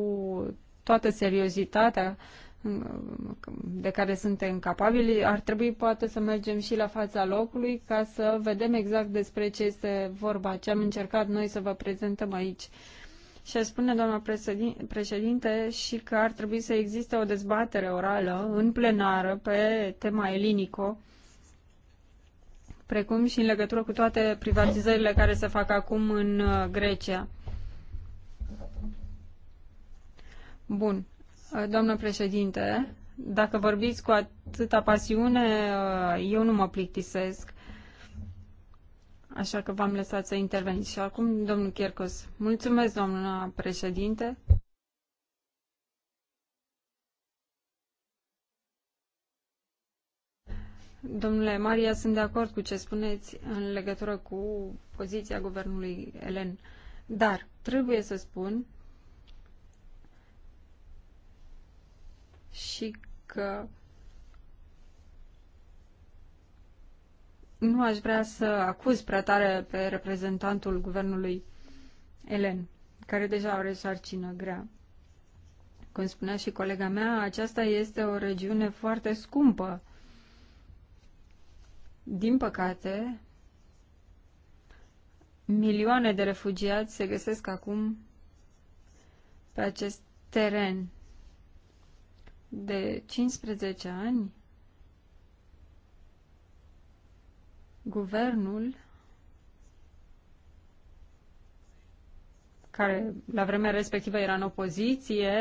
toată seriozitatea mm, de care suntem capabili, ar trebui poate să mergem și la fața locului ca să vedem exact despre ce este vorba, ce am încercat noi să vă prezentăm aici. Și aș spune, doamna președinte, și că ar trebui să existe o dezbatere orală în plenară pe tema Elinico, precum și în legătură cu toate privatizările care se fac acum în uh, Grecia. Bun. Uh, doamnă președinte, dacă vorbiți cu atâta pasiune, uh, eu nu mă plictisesc. Așa că v-am lăsat să interveniți. Și acum, domnul Chiercos. Mulțumesc, doamna președinte. Domnule Maria, sunt de acord cu ce spuneți în legătură cu poziția guvernului Elen, dar trebuie să spun și că nu aș vrea să acuz prea tare pe reprezentantul guvernului Elen, care deja are sarcină grea. Cum spunea și colega mea, aceasta este o regiune foarte scumpă din păcate, milioane de refugiați se găsesc acum pe acest teren. De 15 ani, guvernul care la vremea respectivă era în opoziție,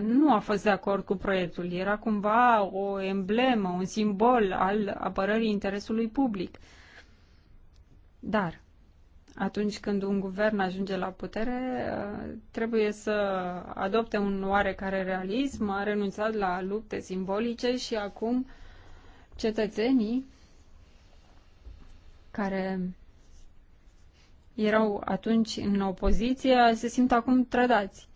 nu a fost de acord cu proiectul. Era cumva o emblemă, un simbol al apărării interesului public. Dar atunci când un guvern ajunge la putere, trebuie să adopte un oarecare realism, a renunțat la lupte simbolice și acum cetățenii care erau atunci în opoziție se simt acum trădați.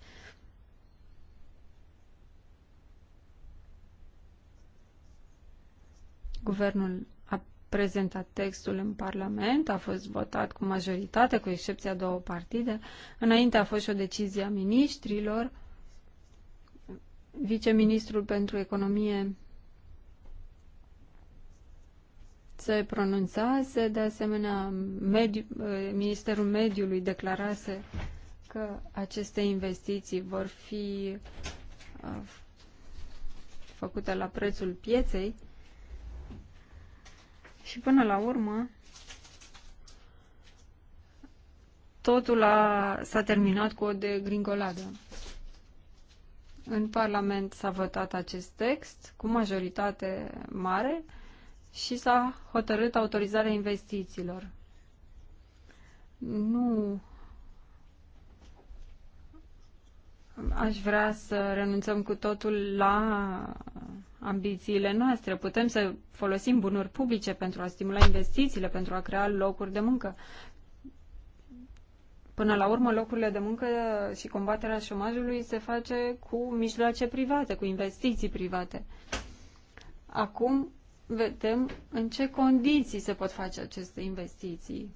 Guvernul a prezentat textul în Parlament, a fost votat cu majoritate, cu excepția două partide. Înainte a fost și o decizie a ministrilor. Viceministrul pentru economie se pronunțase, de asemenea medi Ministerul Mediului declarase că aceste investiții vor fi uh, făcute la prețul pieței și până la urmă totul s-a terminat cu o de În Parlament s-a votat acest text cu majoritate mare și s-a hotărât autorizarea investițiilor. Nu aș vrea să renunțăm cu totul la ambițiile noastre. Putem să folosim bunuri publice pentru a stimula investițiile, pentru a crea locuri de muncă. Până la urmă, locurile de muncă și combaterea șomajului se face cu mijloace private, cu investiții private. Acum vedem în ce condiții se pot face aceste investiții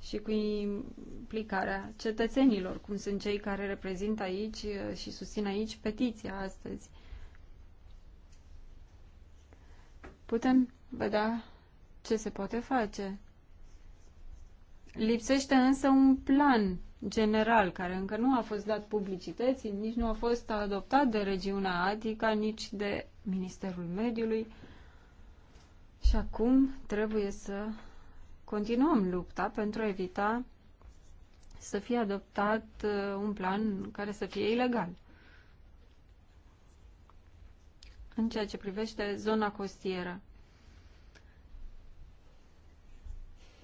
și cu implicarea cetățenilor, cum sunt cei care reprezintă aici uh, și susțin aici petiția astăzi. Putem vedea ce se poate face. Lipsește însă un plan general care încă nu a fost dat publicității, nici nu a fost adoptat de regiunea Atica, nici de Ministerul Mediului. Și acum trebuie să continuăm lupta pentru a evita să fie adoptat uh, un plan care să fie ilegal. În ceea ce privește zona costieră.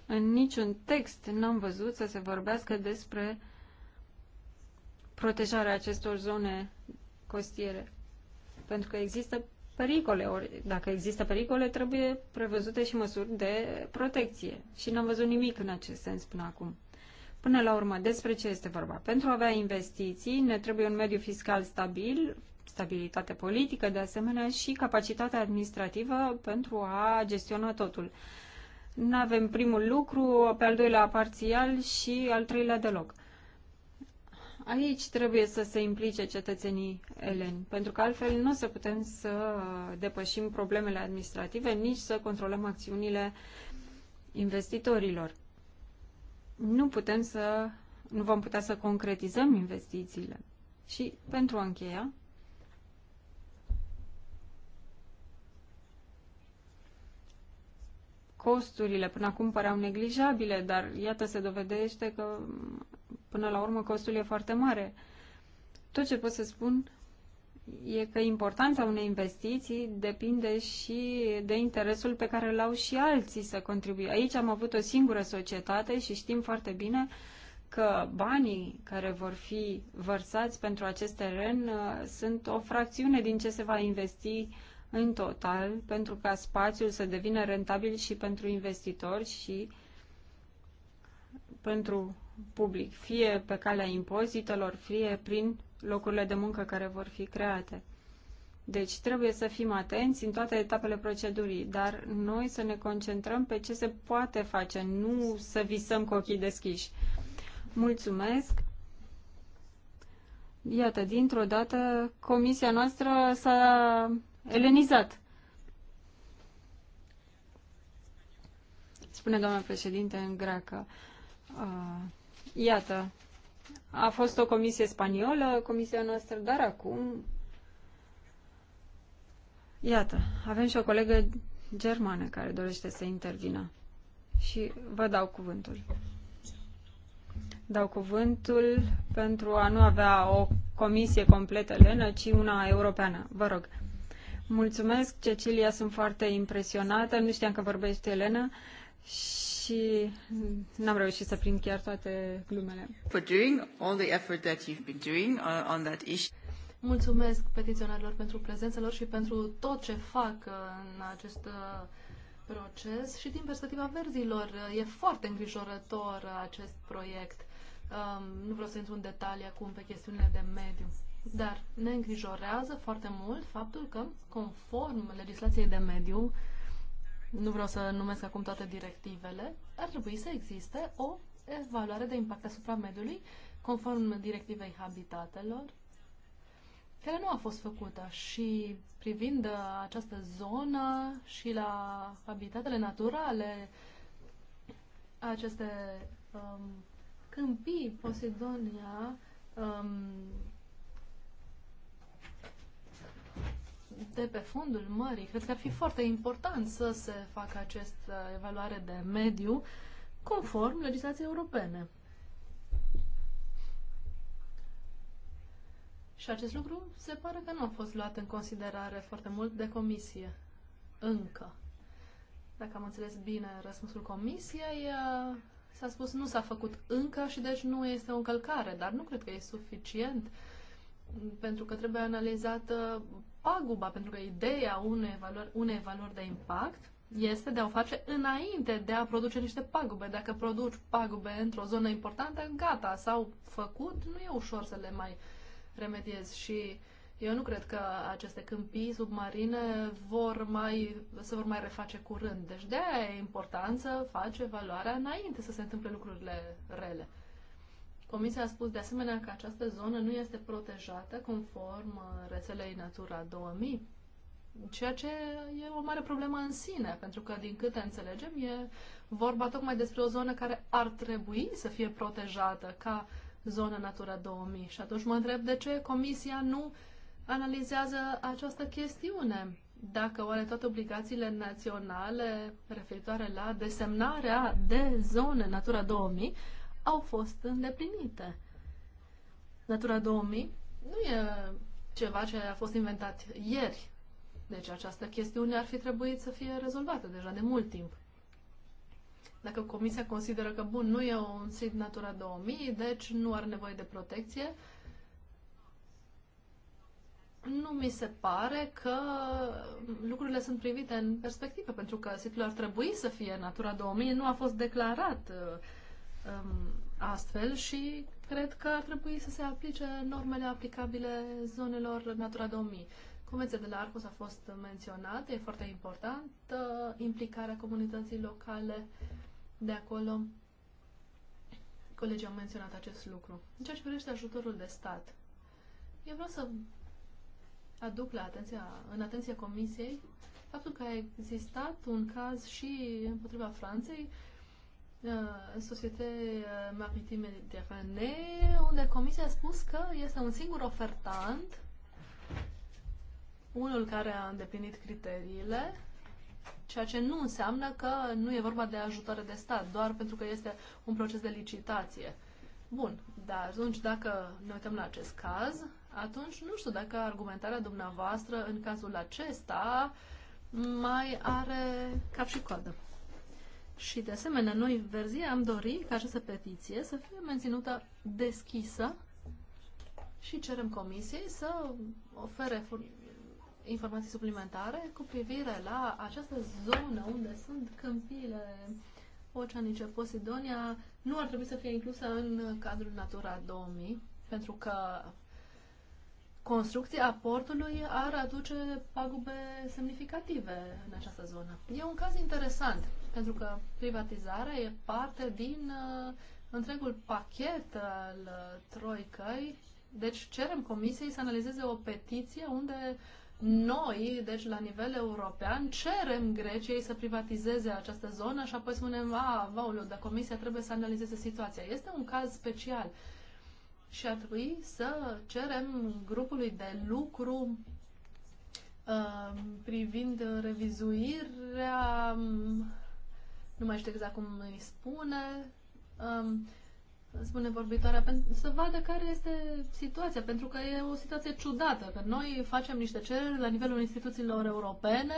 În niciun text n-am văzut să se vorbească despre protejarea acestor zone costiere. Pentru că există pericole. Ori, dacă există pericole, trebuie prevăzute și măsuri de protecție. Și n-am văzut nimic în acest sens până acum. Până la urmă, despre ce este vorba? Pentru a avea investiții, ne trebuie un mediu fiscal stabil, stabilitate politică, de asemenea, și capacitatea administrativă pentru a gestiona totul. Nu avem primul lucru, pe al doilea parțial și al treilea deloc. Aici trebuie să se implice cetățenii eleni, pentru că altfel nu o să putem să depășim problemele administrative, nici să controlăm acțiunile investitorilor. Nu putem să, nu vom putea să concretizăm investițiile. Și pentru a încheia, costurile până acum păreau neglijabile, dar iată se dovedește că până la urmă costul e foarte mare. Tot ce pot să spun e că importanța unei investiții depinde și de interesul pe care l-au și alții să contribuie. Aici am avut o singură societate și știm foarte bine că banii care vor fi vărsați pentru acest teren uh, sunt o fracțiune din ce se va investi uh, în total pentru ca spațiul să devină rentabil și pentru investitori și pentru public, fie pe calea impozitelor, fie prin locurile de muncă care vor fi create. Deci trebuie să fim atenți în toate etapele procedurii, dar noi să ne concentrăm pe ce se poate face, nu să visăm cu ochii deschiși. Mulțumesc! Iată, dintr-o dată, comisia noastră s-a elenizat. Spune doamna președinte în greacă. Uh, iată, a fost o comisie spaniolă, comisia noastră, dar acum... Iată, avem și o colegă germană care dorește să intervină. Și vă dau cuvântul. Dau cuvântul pentru a nu avea o comisie completă lenă, ci una europeană. Vă rog. Mulțumesc, Cecilia, sunt foarte impresionată. Nu știam că vorbește Elena și n-am reușit să prind chiar toate glumele. For doing all the effort that you've been doing uh, on that issue. Mulțumesc petiționarilor pentru prezența lor și pentru tot ce fac uh, în acest uh, proces și din perspectiva verzilor e foarte îngrijorător acest proiect. Um, nu vreau să intru în detalii acum pe chestiunile de mediu. Dar ne îngrijorează foarte mult faptul că, conform legislației de mediu, nu vreau să numesc acum toate directivele, ar trebui să existe o evaluare de impact asupra mediului conform directivei habitatelor, care nu a fost făcută și privind uh, această zonă și la habitatele naturale, aceste um, câmpii Posidonia, um, de pe fundul mării. Cred că ar fi foarte important să se facă această evaluare de mediu conform legislației europene. Și acest lucru se pare că nu a fost luat în considerare foarte mult de comisie. Încă. Dacă am înțeles bine răspunsul comisiei, ă, s-a spus nu s-a făcut încă și deci nu este o încălcare, dar nu cred că e suficient pentru că trebuie analizată paguba, pentru că ideea unei valori unei valori de impact este de a o face înainte de a produce niște pagube. Dacă produci pagube într-o zonă importantă, gata, s-au făcut, nu e ușor să le mai remediezi și eu nu cred că aceste câmpii submarine vor mai, se vor mai reface curând. Deci de aia e important să faci evaluarea înainte să se întâmple lucrurile rele. Comisia a spus de asemenea că această zonă nu este protejată conform uh, rețelei Natura 2000, ceea ce e o mare problemă în sine, pentru că, din câte înțelegem, e vorba tocmai despre o zonă care ar trebui să fie protejată ca zonă Natura 2000. Și atunci mă întreb de ce Comisia nu analizează această chestiune. Dacă oare toate obligațiile naționale referitoare la desemnarea de zone Natura 2000 au fost îndeplinite. Natura 2000 nu e ceva ce a fost inventat ieri. Deci această chestiune ar fi trebuit să fie rezolvată deja de mult timp. Dacă Comisia consideră că, bun, nu e un sit Natura 2000, deci nu are nevoie de protecție, nu mi se pare că lucrurile sunt privite în perspectivă, pentru că situl ar trebui să fie Natura 2000, nu a fost declarat uh, um, astfel și cred că ar trebui să se aplice normele aplicabile zonelor Natura 2000. Convenția de la Arcos a fost menționată, e foarte importantă implicarea comunității locale de acolo. Colegii au menționat acest lucru. În ceea ce privește ajutorul de stat, eu vreau să aduc la atenția, în atenția Comisiei faptul că a existat un caz și împotriva Franței da, societate uh, maritime mediterane, unde comisia a spus că este un singur ofertant, unul care a îndeplinit criteriile, ceea ce nu înseamnă că nu e vorba de ajutoare de stat, doar pentru că este un proces de licitație. Bun, dar atunci dacă ne uităm la acest caz, atunci nu știu dacă argumentarea dumneavoastră în cazul acesta mai are cap și coadă. Și, de asemenea, noi, Verzie, am dorit ca această petiție să fie menținută deschisă și cerem comisiei să ofere informații suplimentare cu privire la această zonă unde sunt câmpiile oceanice Posidonia. Nu ar trebui să fie inclusă în cadrul Natura 2000, pentru că construcția portului ar aduce pagube semnificative în această zonă. E un caz interesant pentru că privatizarea e parte din uh, întregul pachet al uh, troicăi. Deci cerem comisiei să analizeze o petiție unde noi, deci la nivel european, cerem Greciei să privatizeze această zonă și apoi spunem, a, vauleu, dar comisia trebuie să analizeze situația. Este un caz special și ar trebui să cerem grupului de lucru uh, privind revizuirea um, nu mai știu exact cum îi spune, um, spune vorbitoarea, să vadă care este situația, pentru că e o situație ciudată, că noi facem niște cereri la nivelul instituțiilor europene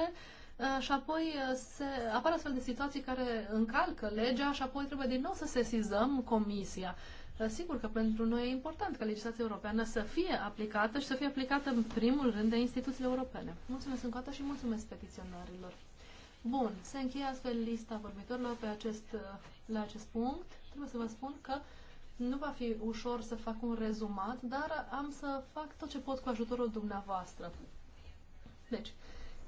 uh, și apoi uh, se, apar astfel de situații care încalcă legea și apoi trebuie din nou să sesizăm comisia. Uh, sigur că pentru noi e important ca legislația europeană să fie aplicată și să fie aplicată în primul rând de instituțiile europene. Mulțumesc încă o dată și mulțumesc petiționarilor. Bun, se încheie astfel lista vorbitorilor pe acest, la acest punct. Trebuie să vă spun că nu va fi ușor să fac un rezumat, dar am să fac tot ce pot cu ajutorul dumneavoastră. Deci,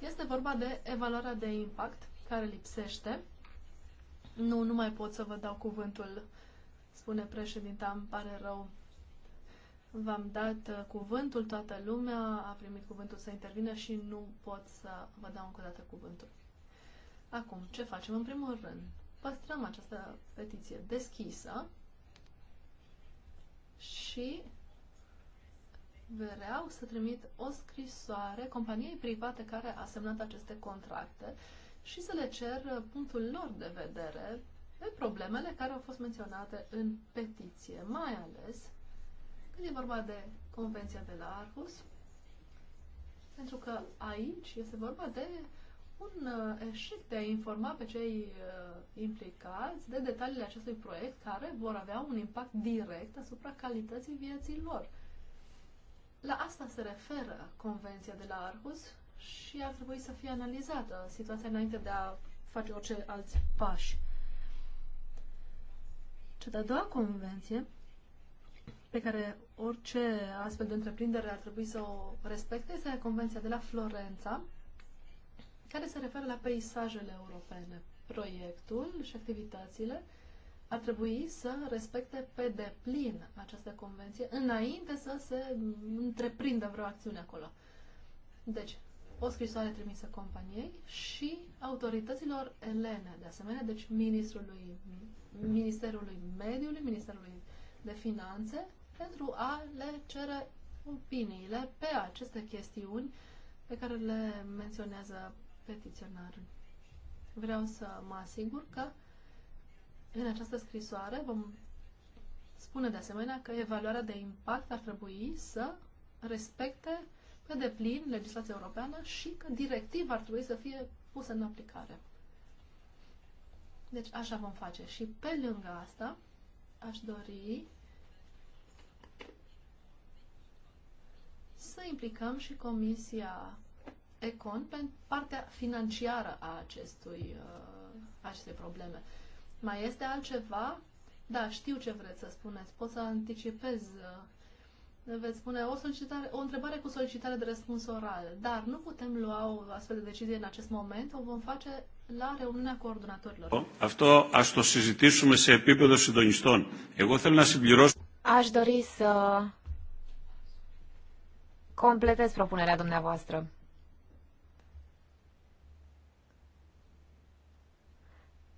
este vorba de evaluarea de impact care lipsește. Nu, nu mai pot să vă dau cuvântul, spune președinta, îmi pare rău. V-am dat uh, cuvântul, toată lumea a primit cuvântul să intervină și nu pot să vă dau încă o dată cuvântul. Acum, ce facem? În primul rând, păstrăm această petiție deschisă și vreau să trimit o scrisoare companiei private care a semnat aceste contracte și să le cer punctul lor de vedere pe problemele care au fost menționate în petiție, mai ales când e vorba de Convenția de la Arhus, pentru că aici este vorba de un uh, eșec de a informa pe cei uh, implicați de detaliile acestui proiect care vor avea un impact direct asupra calității vieții lor. La asta se referă Convenția de la Arhus și ar trebui să fie analizată situația înainte de a face orice alți pași. Cea de-a doua convenție pe care orice astfel de întreprindere ar trebui să o respecte este Convenția de la Florența, care se referă la peisajele europene. Proiectul și activitățile ar trebui să respecte pe deplin această convenție înainte să se întreprindă vreo acțiune acolo. Deci, o scrisoare trimisă companiei și autorităților elene, de asemenea, deci ministrului, Ministerului Mediului, Ministerului de Finanțe, pentru a le cere opiniile pe aceste chestiuni pe care le menționează petiționar. Vreau să mă asigur că în această scrisoare vom spune de asemenea că evaluarea de impact ar trebui să respecte pe deplin legislația europeană și că directiva ar trebui să fie pusă în aplicare. Deci așa vom face. Și pe lângă asta aș dori să implicăm și Comisia Econ pentru partea financiară a acestui, uh, acestei probleme. Mai este altceva? Da, știu ce vreți să spuneți. Pot să anticipez. Uh, veți spune o, solicitare, o întrebare cu solicitare de răspuns oral, dar nu putem lua o astfel de decizie în acest moment, o vom face la reuniunea coordonatorilor. Αυτό ας το συζητήσουμε se epipedo συντονιστών. Eu vreau să συμπληρώσω... Aș dori să completez propunerea dumneavoastră.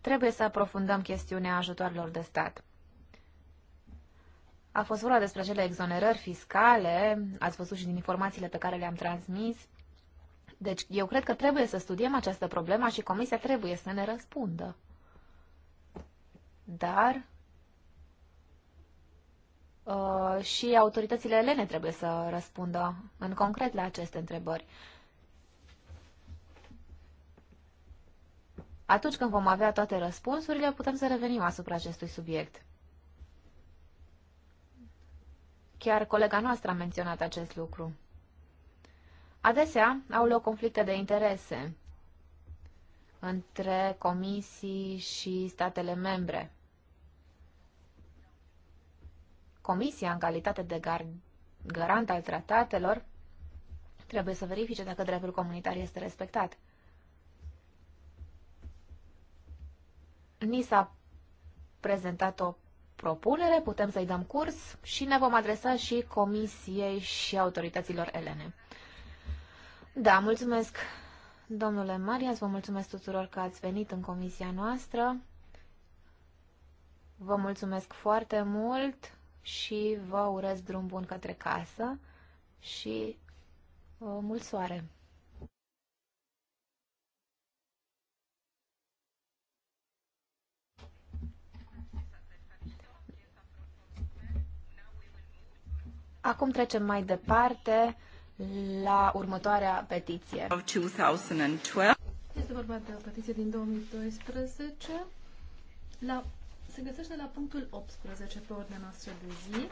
trebuie să aprofundăm chestiunea ajutoarelor de stat. A fost vorba despre acele exonerări fiscale, ați văzut și din informațiile pe care le-am transmis. Deci eu cred că trebuie să studiem această problemă și Comisia trebuie să ne răspundă. Dar uh, și autoritățile elene trebuie să răspundă în concret la aceste întrebări. Uh, Atunci când vom avea toate răspunsurile, putem să revenim asupra acestui subiect. Chiar colega noastră a menționat acest lucru. Adesea au loc conflicte de interese între comisii și statele membre. Comisia, în calitate de gar garant al tratatelor, trebuie să verifice dacă dreptul comunitar este respectat. Ni s-a prezentat o propunere, putem să-i dăm curs și ne vom adresa și comisiei și autorităților elene. Da, mulțumesc, domnule Marias, vă mulțumesc tuturor că ați venit în comisia noastră. Vă mulțumesc foarte mult și vă urez drum bun către casă și uh, mult soare! Acum trecem mai departe la următoarea petiție. Este vorba de o petiție din 2012. La, se găsește la punctul 18 pe ordinea noastră de zi.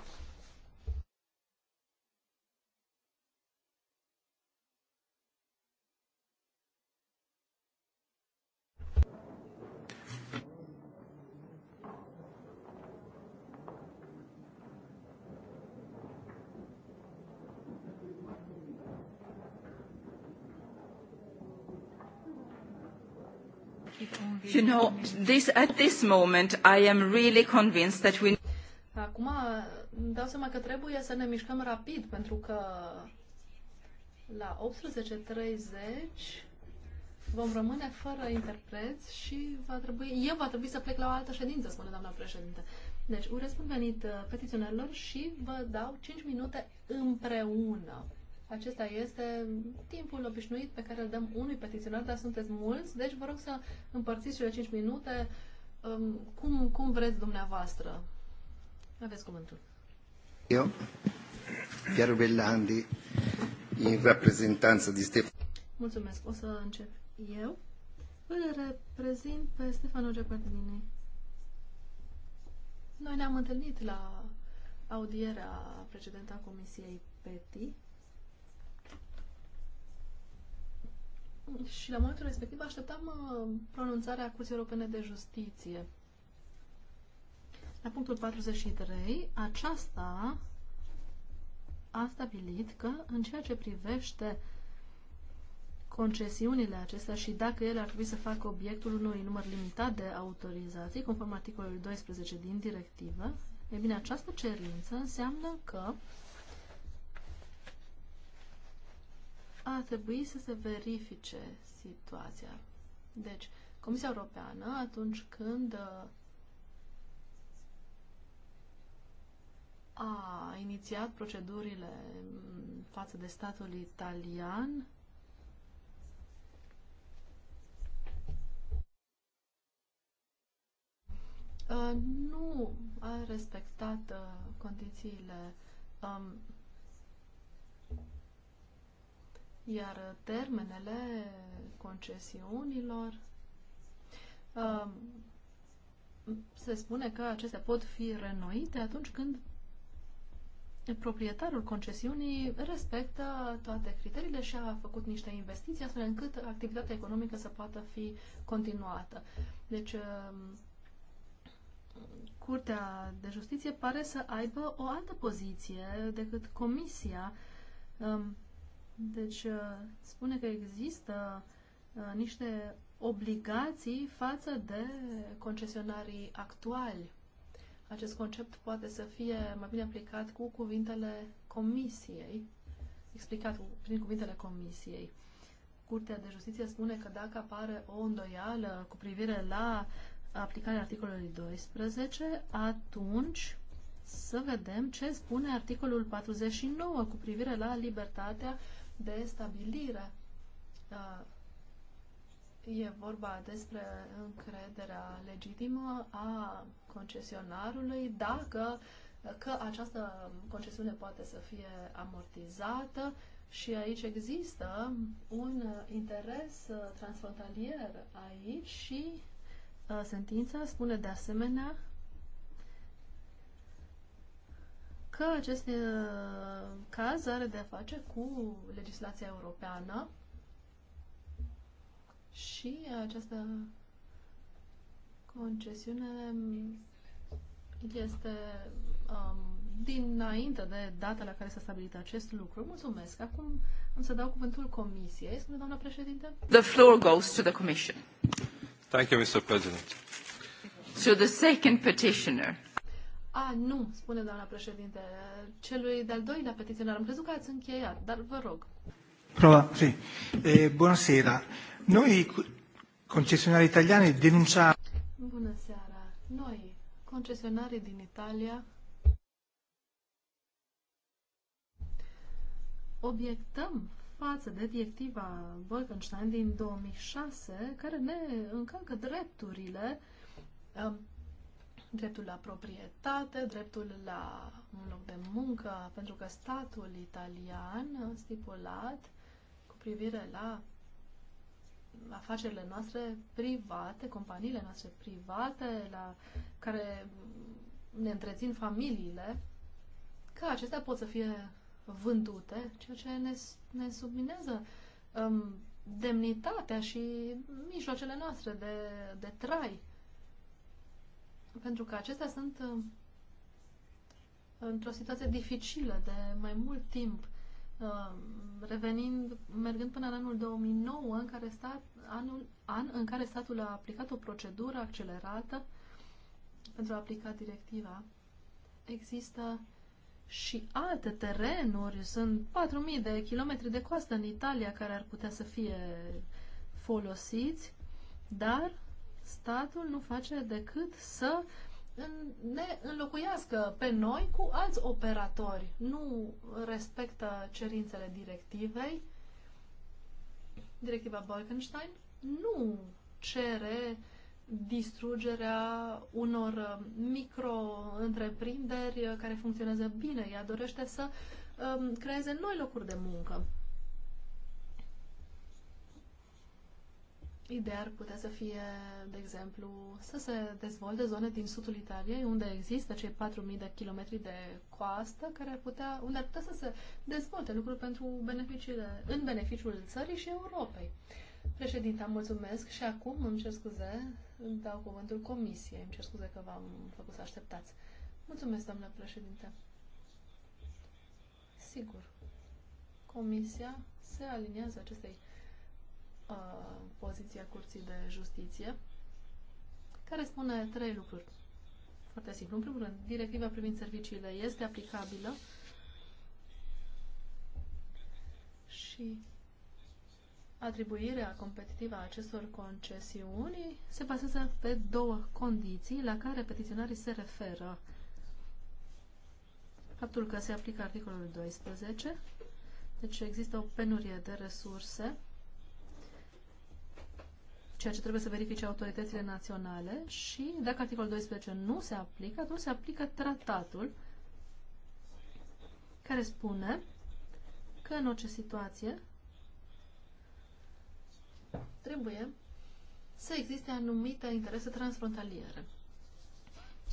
You know, this, at this moment I am really convinced that we... Acum îmi dau seama că trebuie să ne mișcăm rapid, pentru că la 18.30 vom rămâne fără interpreți și va trebui, eu va trebui să plec la o altă ședință, spune doamna președinte. Deci urez bun venit uh, petiționarilor și vă dau 5 minute împreună. Acesta este timpul obișnuit pe care îl dăm unui petiționar, dar sunteți mulți, deci vă rog să împărțiți cele 5 minute um, cum, cum vreți dumneavoastră. Aveți cuvântul. Eu, Piero Bellandi, în reprezentanță de Stefan. Mulțumesc. O să încep eu. Îl reprezint pe Stefano Giacardini. Noi ne-am întâlnit la audierea precedentă a Comisiei PETI Și la momentul respectiv așteptam uh, pronunțarea Curții Europene de Justiție. La punctul 43, aceasta a stabilit că în ceea ce privește concesiunile acestea și dacă ele ar trebui să facă obiectul unui număr limitat de autorizații, conform articolului 12 din directivă, e bine, această cerință înseamnă că uh, a trebui să se verifice situația. Deci, Comisia Europeană, atunci când uh, a inițiat procedurile față de statul italian, uh, nu a respectat uh, condițiile um, Iar termenele concesiunilor um, se spune că acestea pot fi renoite atunci când proprietarul concesiunii respectă toate criteriile și a făcut niște investiții astfel încât activitatea economică să poată fi continuată. Deci, um, Curtea de Justiție pare să aibă o altă poziție decât Comisia um, deci uh, spune că există uh, niște obligații față de concesionarii actuali. Acest concept poate să fie mai bine aplicat cu cuvintele comisiei, explicat prin cuvintele comisiei. Curtea de Justiție spune că dacă apare o îndoială cu privire la aplicarea articolului 12, atunci să vedem ce spune articolul 49 cu privire la libertatea de stabilire. Da. E vorba despre încrederea legitimă a concesionarului, dacă că această concesiune poate să fie amortizată și aici există un interes transfrontalier aici și uh, sentința spune de asemenea că acest uh, caz are de-a face cu legislația europeană și această concesiune este um, dinainte de data la care s-a stabilit acest lucru. Mulțumesc. Acum am să dau cuvântul Comisiei. Spune doamna președinte. The floor goes to the Commission. Thank you, Mr. President. To the second petitioner. A, nu, spune doamna președinte, celui de-al doilea petiționar. Am crezut că ați încheiat, dar vă rog. Prova, sì. Eh, buonasera. Noi, concessionari italiani, denunciamo... Bună seara. Noi, concesionarii din Italia, obiectăm față de directiva Wolkenstein din 2006, care ne încalcă drepturile um, dreptul la proprietate, dreptul la un loc de muncă, pentru că statul italian a stipulat cu privire la afacerile noastre private, companiile noastre private, la care ne întrețin familiile, că acestea pot să fie vândute, ceea ce ne, ne subminează um, demnitatea și mijloacele noastre de, de trai pentru că acestea sunt uh, într-o situație dificilă de mai mult timp, uh, revenind, mergând până în anul 2009, în care stat, anul, an în care statul a aplicat o procedură accelerată pentru a aplica directiva. Există și alte terenuri, sunt 4.000 de kilometri de coastă în Italia care ar putea să fie folosiți, dar statul nu face decât să ne înlocuiască pe noi cu alți operatori. Nu respectă cerințele directivei. Directiva Bolkenstein nu cere distrugerea unor micro-întreprinderi care funcționează bine. Ea dorește să um, creeze noi locuri de muncă. Ideea ar putea să fie, de exemplu, să se dezvolte zone din sudul Italiei, unde există cei 4.000 de kilometri de coastă, care ar putea, unde ar putea să se dezvolte lucruri pentru beneficiile, în beneficiul țării și Europei. Președinte, mulțumesc și acum îmi cer scuze, îmi dau cuvântul comisiei, îmi cer scuze că v-am făcut să așteptați. Mulțumesc, doamnă președinte. Sigur, comisia se aliniază acestei poziția Curții de Justiție, care spune trei lucruri. Foarte simplu. În primul rând, directiva privind serviciile este aplicabilă și atribuirea competitivă a acestor concesiuni se bazează pe două condiții la care petiționarii se referă. Faptul că se aplică articolul 12, deci există o penurie de resurse ceea ce trebuie să verifice autoritățile naționale și dacă articolul 12 nu se aplică, atunci se aplică tratatul care spune că în orice situație trebuie să existe anumite interese transfrontaliere.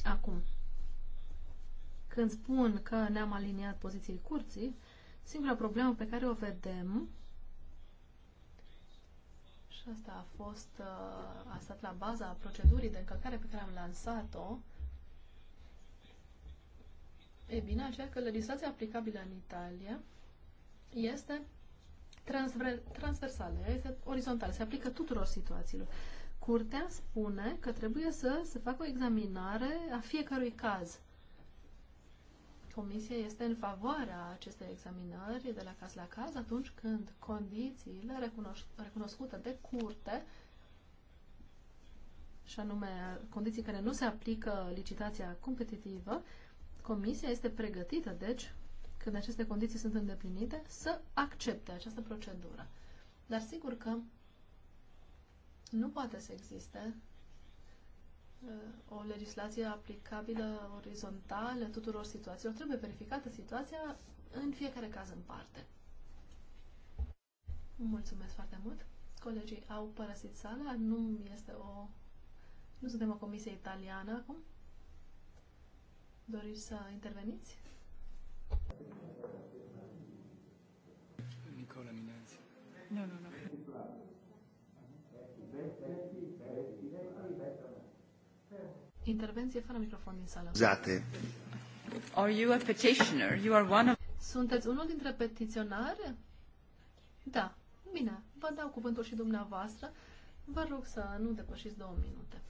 Acum, când spun că ne-am aliniat poziției curții, singura problemă pe care o vedem și asta a fost, uh, a stat la baza procedurii de încălcare pe care am lansat-o, e bine aceea că legislația aplicabilă în Italia este transversală, este orizontală, se aplică tuturor situațiilor. Curtea spune că trebuie să se facă o examinare a fiecărui caz Comisia este în favoarea acestei examinări de la caz la caz atunci când condițiile recunoscute de curte și anume condiții care nu se aplică licitația competitivă, Comisia este pregătită, deci, când aceste condiții sunt îndeplinite, să accepte această procedură. Dar sigur că nu poate să existe o legislație aplicabilă orizontală tuturor situațiilor. Trebuie verificată situația în fiecare caz în parte. Mulțumesc foarte mult. Colegii au părăsit sala. Nu este o... Nu suntem o comisie italiană acum. Doriți să interveniți? Nicola Minanzi. Nu, nu, nu. Intervenție fără microfon din sală. Zate. Are you a petitioner? You are one of... Sunteți unul dintre petiționari? Da. Bine, vă dau cuvântul și dumneavoastră. Vă rog să nu depășiți două minute.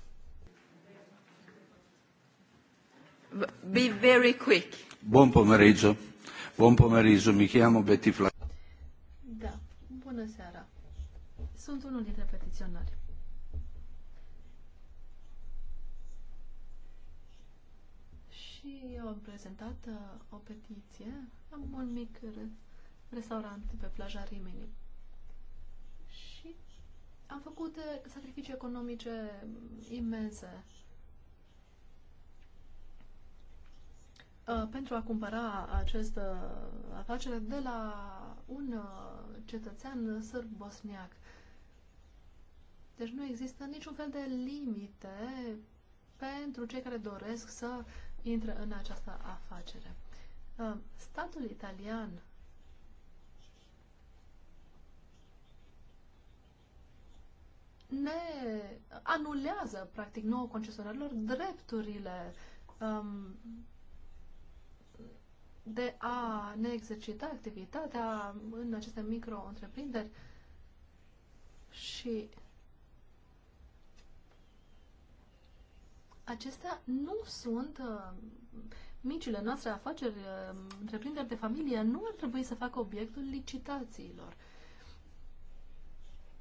Be very quick. Bun pomeriggio. Bun pomeriggio. Mi chiamo Betty Flack. Da. Bună seara. Sunt unul dintre petiționari. și eu am prezentat uh, o petiție. Am un mic restaurant pe plaja Rimini. Și am făcut uh, sacrificii economice mm, imense uh, pentru a cumpăra această uh, afacere de la un cetățean sârb bosniac. Deci nu există niciun fel de limite pentru cei care doresc să intră în această afacere. Uh, statul italian ne anulează, practic, nouă concesionarilor drepturile um, de a ne exercita activitatea în aceste micro-întreprinderi și acestea nu sunt uh, micile noastre afaceri, uh, întreprinderi de familie, nu ar trebui să facă obiectul licitațiilor.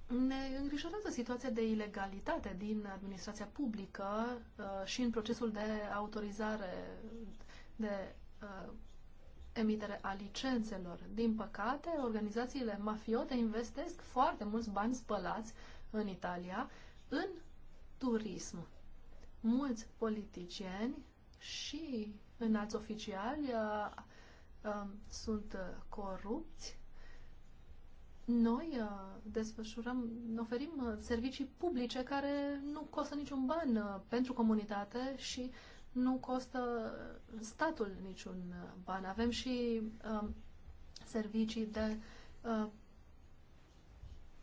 Ne îngrijorează situația de ilegalitate din administrația publică uh, și în procesul de autorizare de uh, emitere a licențelor. Din păcate, organizațiile mafiote investesc foarte mulți bani spălați în Italia în turism mulți politicieni și înalți oficiali uh, um, uh, sunt corupți. Noi uh, desfășurăm, oferim uh, servicii publice care nu costă niciun ban uh, pentru comunitate și nu costă uh, statul niciun uh, ban. Avem și uh, servicii de uh,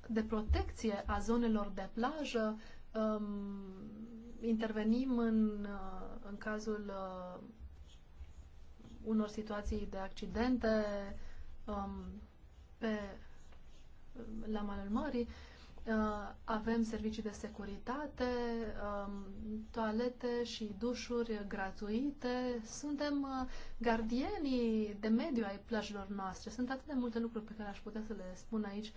de protecție a zonelor de plajă, um, intervenim în, uh, în cazul uh, unor situații de accidente um, pe, la malul mării. Uh, avem servicii de securitate, um, toalete și dușuri gratuite. Suntem uh, gardienii de mediu ai plajelor noastre. Sunt atât de multe lucruri pe care aș putea să le spun aici. Uh,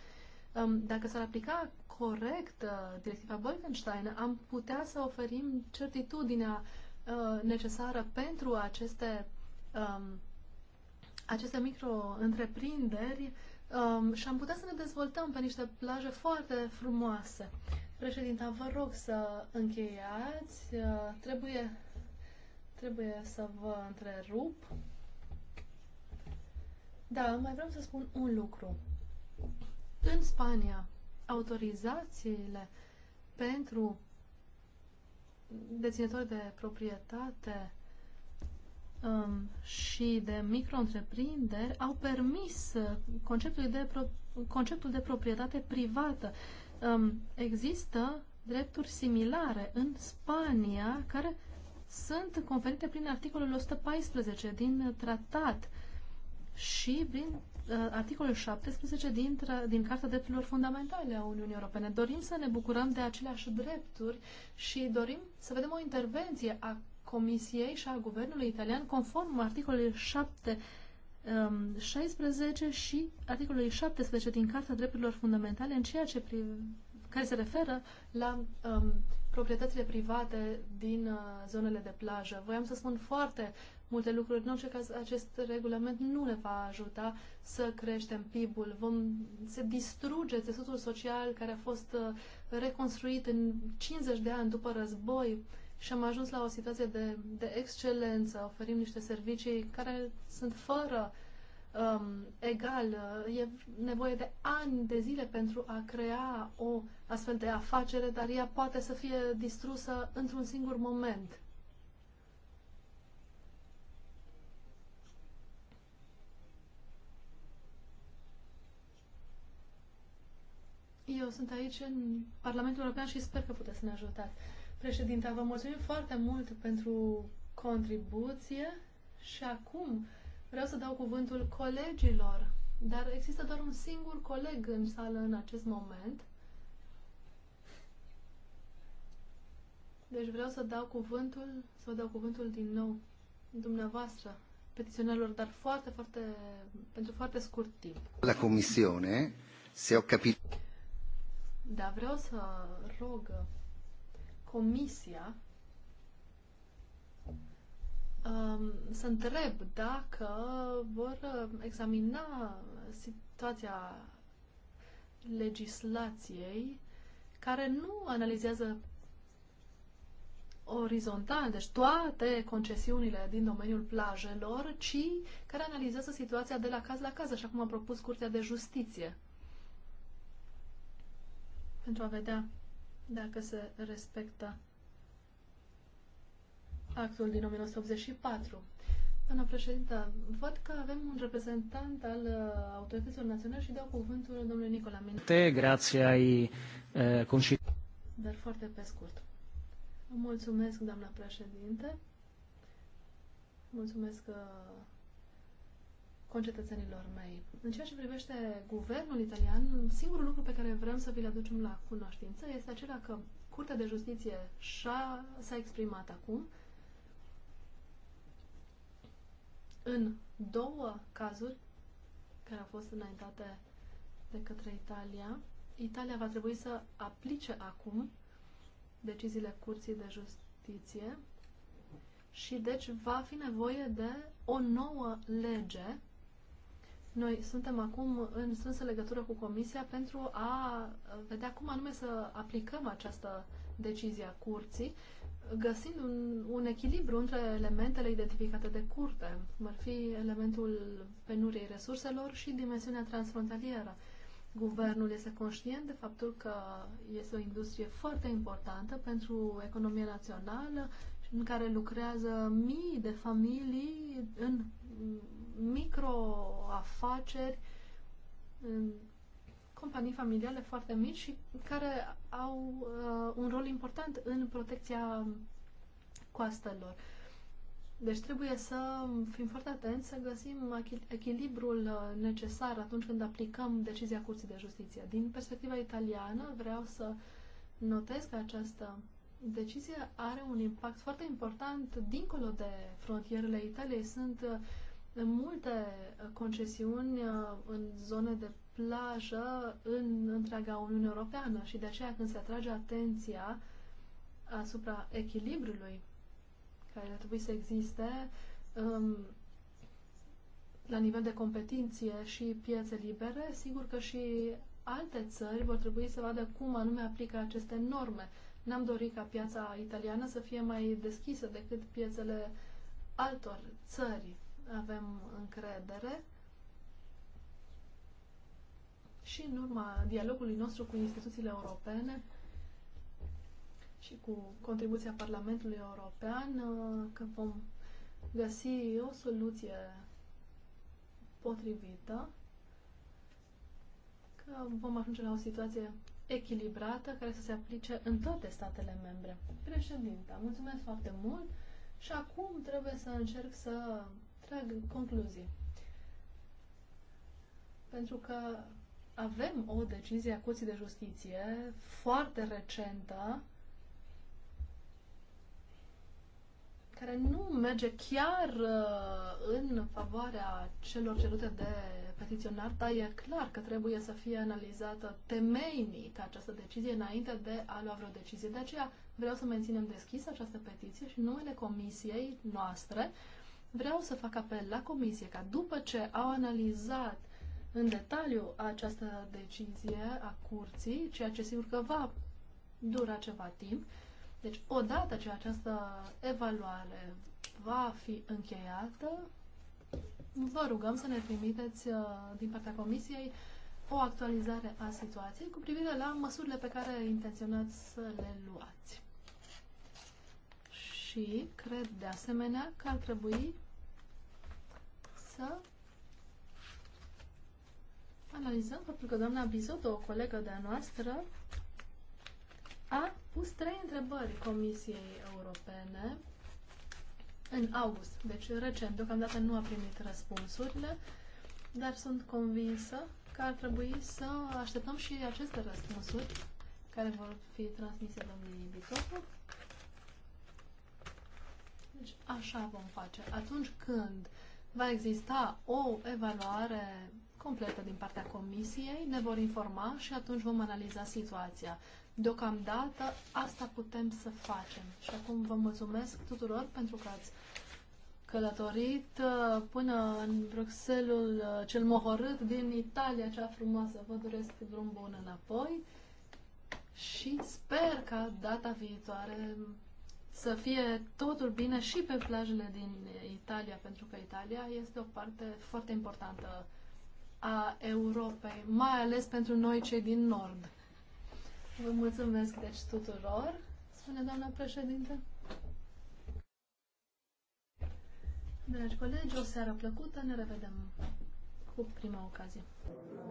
dacă s-ar aplica corect uh, directiva Bolkenstein, am putea să oferim certitudinea uh, necesară pentru aceste, um, aceste micro-întreprinderi um, și am putea să ne dezvoltăm pe niște plaje foarte frumoase. Președinta, vă rog să încheiați. Uh, trebuie, trebuie să vă întrerup. Da, mai vreau să spun un lucru. În Spania, autorizațiile pentru deținători de proprietate um, și de micro-întreprinderi au permis uh, conceptul de, pro- conceptul de proprietate privată. Um, există drepturi similare în Spania care sunt conferite prin articolul 114 din tratat și prin Uh, articolul 17 dintre, din Carta Drepturilor Fundamentale a Uniunii Europene. Dorim să ne bucurăm de aceleași drepturi și dorim să vedem o intervenție a Comisiei și a Guvernului Italian conform articolului 7 16 um, și articolului 17 din Carta Drepturilor Fundamentale în ceea ce care se referă la um, proprietățile private din uh, zonele de plajă. Voiam să spun foarte multe lucruri. În orice caz, acest regulament nu ne va ajuta să creștem PIB-ul. Vom, se distruge țesutul social care a fost uh, reconstruit în 50 de ani după război și am ajuns la o situație de, de excelență. Oferim niște servicii care sunt fără um, egal. E nevoie de ani de zile pentru a crea o astfel de afacere, dar ea poate să fie distrusă într-un singur moment. eu sunt aici în Parlamentul European și sper că puteți să ne ajutați. Președinta, vă mulțumim foarte mult pentru contribuție și acum vreau să dau cuvântul colegilor, dar există doar un singur coleg în sală în acest moment. Deci vreau să dau cuvântul, să dau cuvântul din nou dumneavoastră, petiționarilor, dar foarte, foarte, pentru foarte scurt timp. La comisiune, se au capit... Dar vreau să rog comisia um, să întreb dacă vor examina situația legislației care nu analizează orizontal, deci toate concesiunile din domeniul plajelor, ci care analizează situația de la caz la caz, așa cum a propus Curtea de Justiție pentru a vedea dacă se respectă actul din 1984. Doamna președintă, văd că avem un reprezentant al uh, autorităților naționale și dau cuvântul domnului Nicola Minte. Grație ai uh, Dar foarte pe scurt. Mulțumesc, doamna președinte. Mulțumesc uh, concetățenilor mei. În ceea ce privește guvernul italian, singurul lucru pe care vrem să vi-l aducem la cunoștință este acela că Curtea de Justiție s-a exprimat acum în două cazuri care au fost înaintate de către Italia. Italia va trebui să aplice acum deciziile Curții de Justiție și deci va fi nevoie de o nouă lege noi suntem acum în strânsă legătură cu Comisia pentru a vedea cum anume să aplicăm această decizie a curții, găsind un, un echilibru între elementele identificate de curte, cum ar fi elementul penuriei resurselor și dimensiunea transfrontalieră. Guvernul este conștient de faptul că este o industrie foarte importantă pentru economia națională, în care lucrează mii de familii în microafaceri, companii familiale foarte mici și care au uh, un rol important în protecția coastelor. Deci trebuie să fim foarte atenți să găsim echilibrul uh, necesar atunci când aplicăm decizia Curții de Justiție. Din perspectiva italiană vreau să notez că această decizie are un impact foarte important dincolo de frontierele Italiei. Sunt uh, multe uh, concesiuni uh, în zone de plajă în întreaga Uniune Europeană și de aceea când se atrage atenția asupra echilibrului care ar trebui să existe um, la nivel de competiție și piețe libere, sigur că și alte țări vor trebui să vadă cum anume aplică aceste norme. N-am dorit ca piața italiană să fie mai deschisă decât piețele altor țări avem încredere și în urma dialogului nostru cu instituțiile europene și cu contribuția Parlamentului European, uh, că vom găsi o soluție potrivită, că vom ajunge la o situație echilibrată care să se aplice în toate statele membre. Președinta, mulțumesc foarte mult și acum trebuie să încerc să trag concluzie. Pentru că avem o decizie a Curții de Justiție foarte recentă care nu merge chiar uh, în favoarea celor cerute de petiționar, dar e clar că trebuie să fie analizată temeinic această decizie înainte de a lua vreo decizie. De aceea vreau să menținem deschis această petiție și numele comisiei noastre Vreau să fac apel la Comisie ca după ce au analizat în detaliu această decizie a curții, ceea ce sigur că va dura ceva timp, deci odată ce această evaluare va fi încheiată, vă rugăm să ne trimiteți uh, din partea Comisiei o actualizare a situației cu privire la măsurile pe care intenționați să le luați și cred de asemenea că ar trebui să analizăm faptul că doamna Bizoto, o colegă de-a noastră, a pus trei întrebări Comisiei Europene în august, deci recent, deocamdată nu a primit răspunsurile, dar sunt convinsă că ar trebui să așteptăm și aceste răspunsuri care vor fi transmise domnului Bitocu deci așa vom face. Atunci când va exista o evaluare completă din partea comisiei, ne vor informa și atunci vom analiza situația. Deocamdată asta putem să facem. Și acum vă mulțumesc tuturor pentru că ați călătorit uh, până în Bruxelles uh, cel mohorât din Italia, cea frumoasă. Vă doresc drum bun înapoi și sper ca data viitoare să fie totul bine și pe plajele din Italia, pentru că Italia este o parte foarte importantă a Europei, mai ales pentru noi cei din Nord. Vă mulțumesc deci tuturor, spune doamna președinte. Dragi colegi, o seară plăcută, ne revedem cu prima ocazie.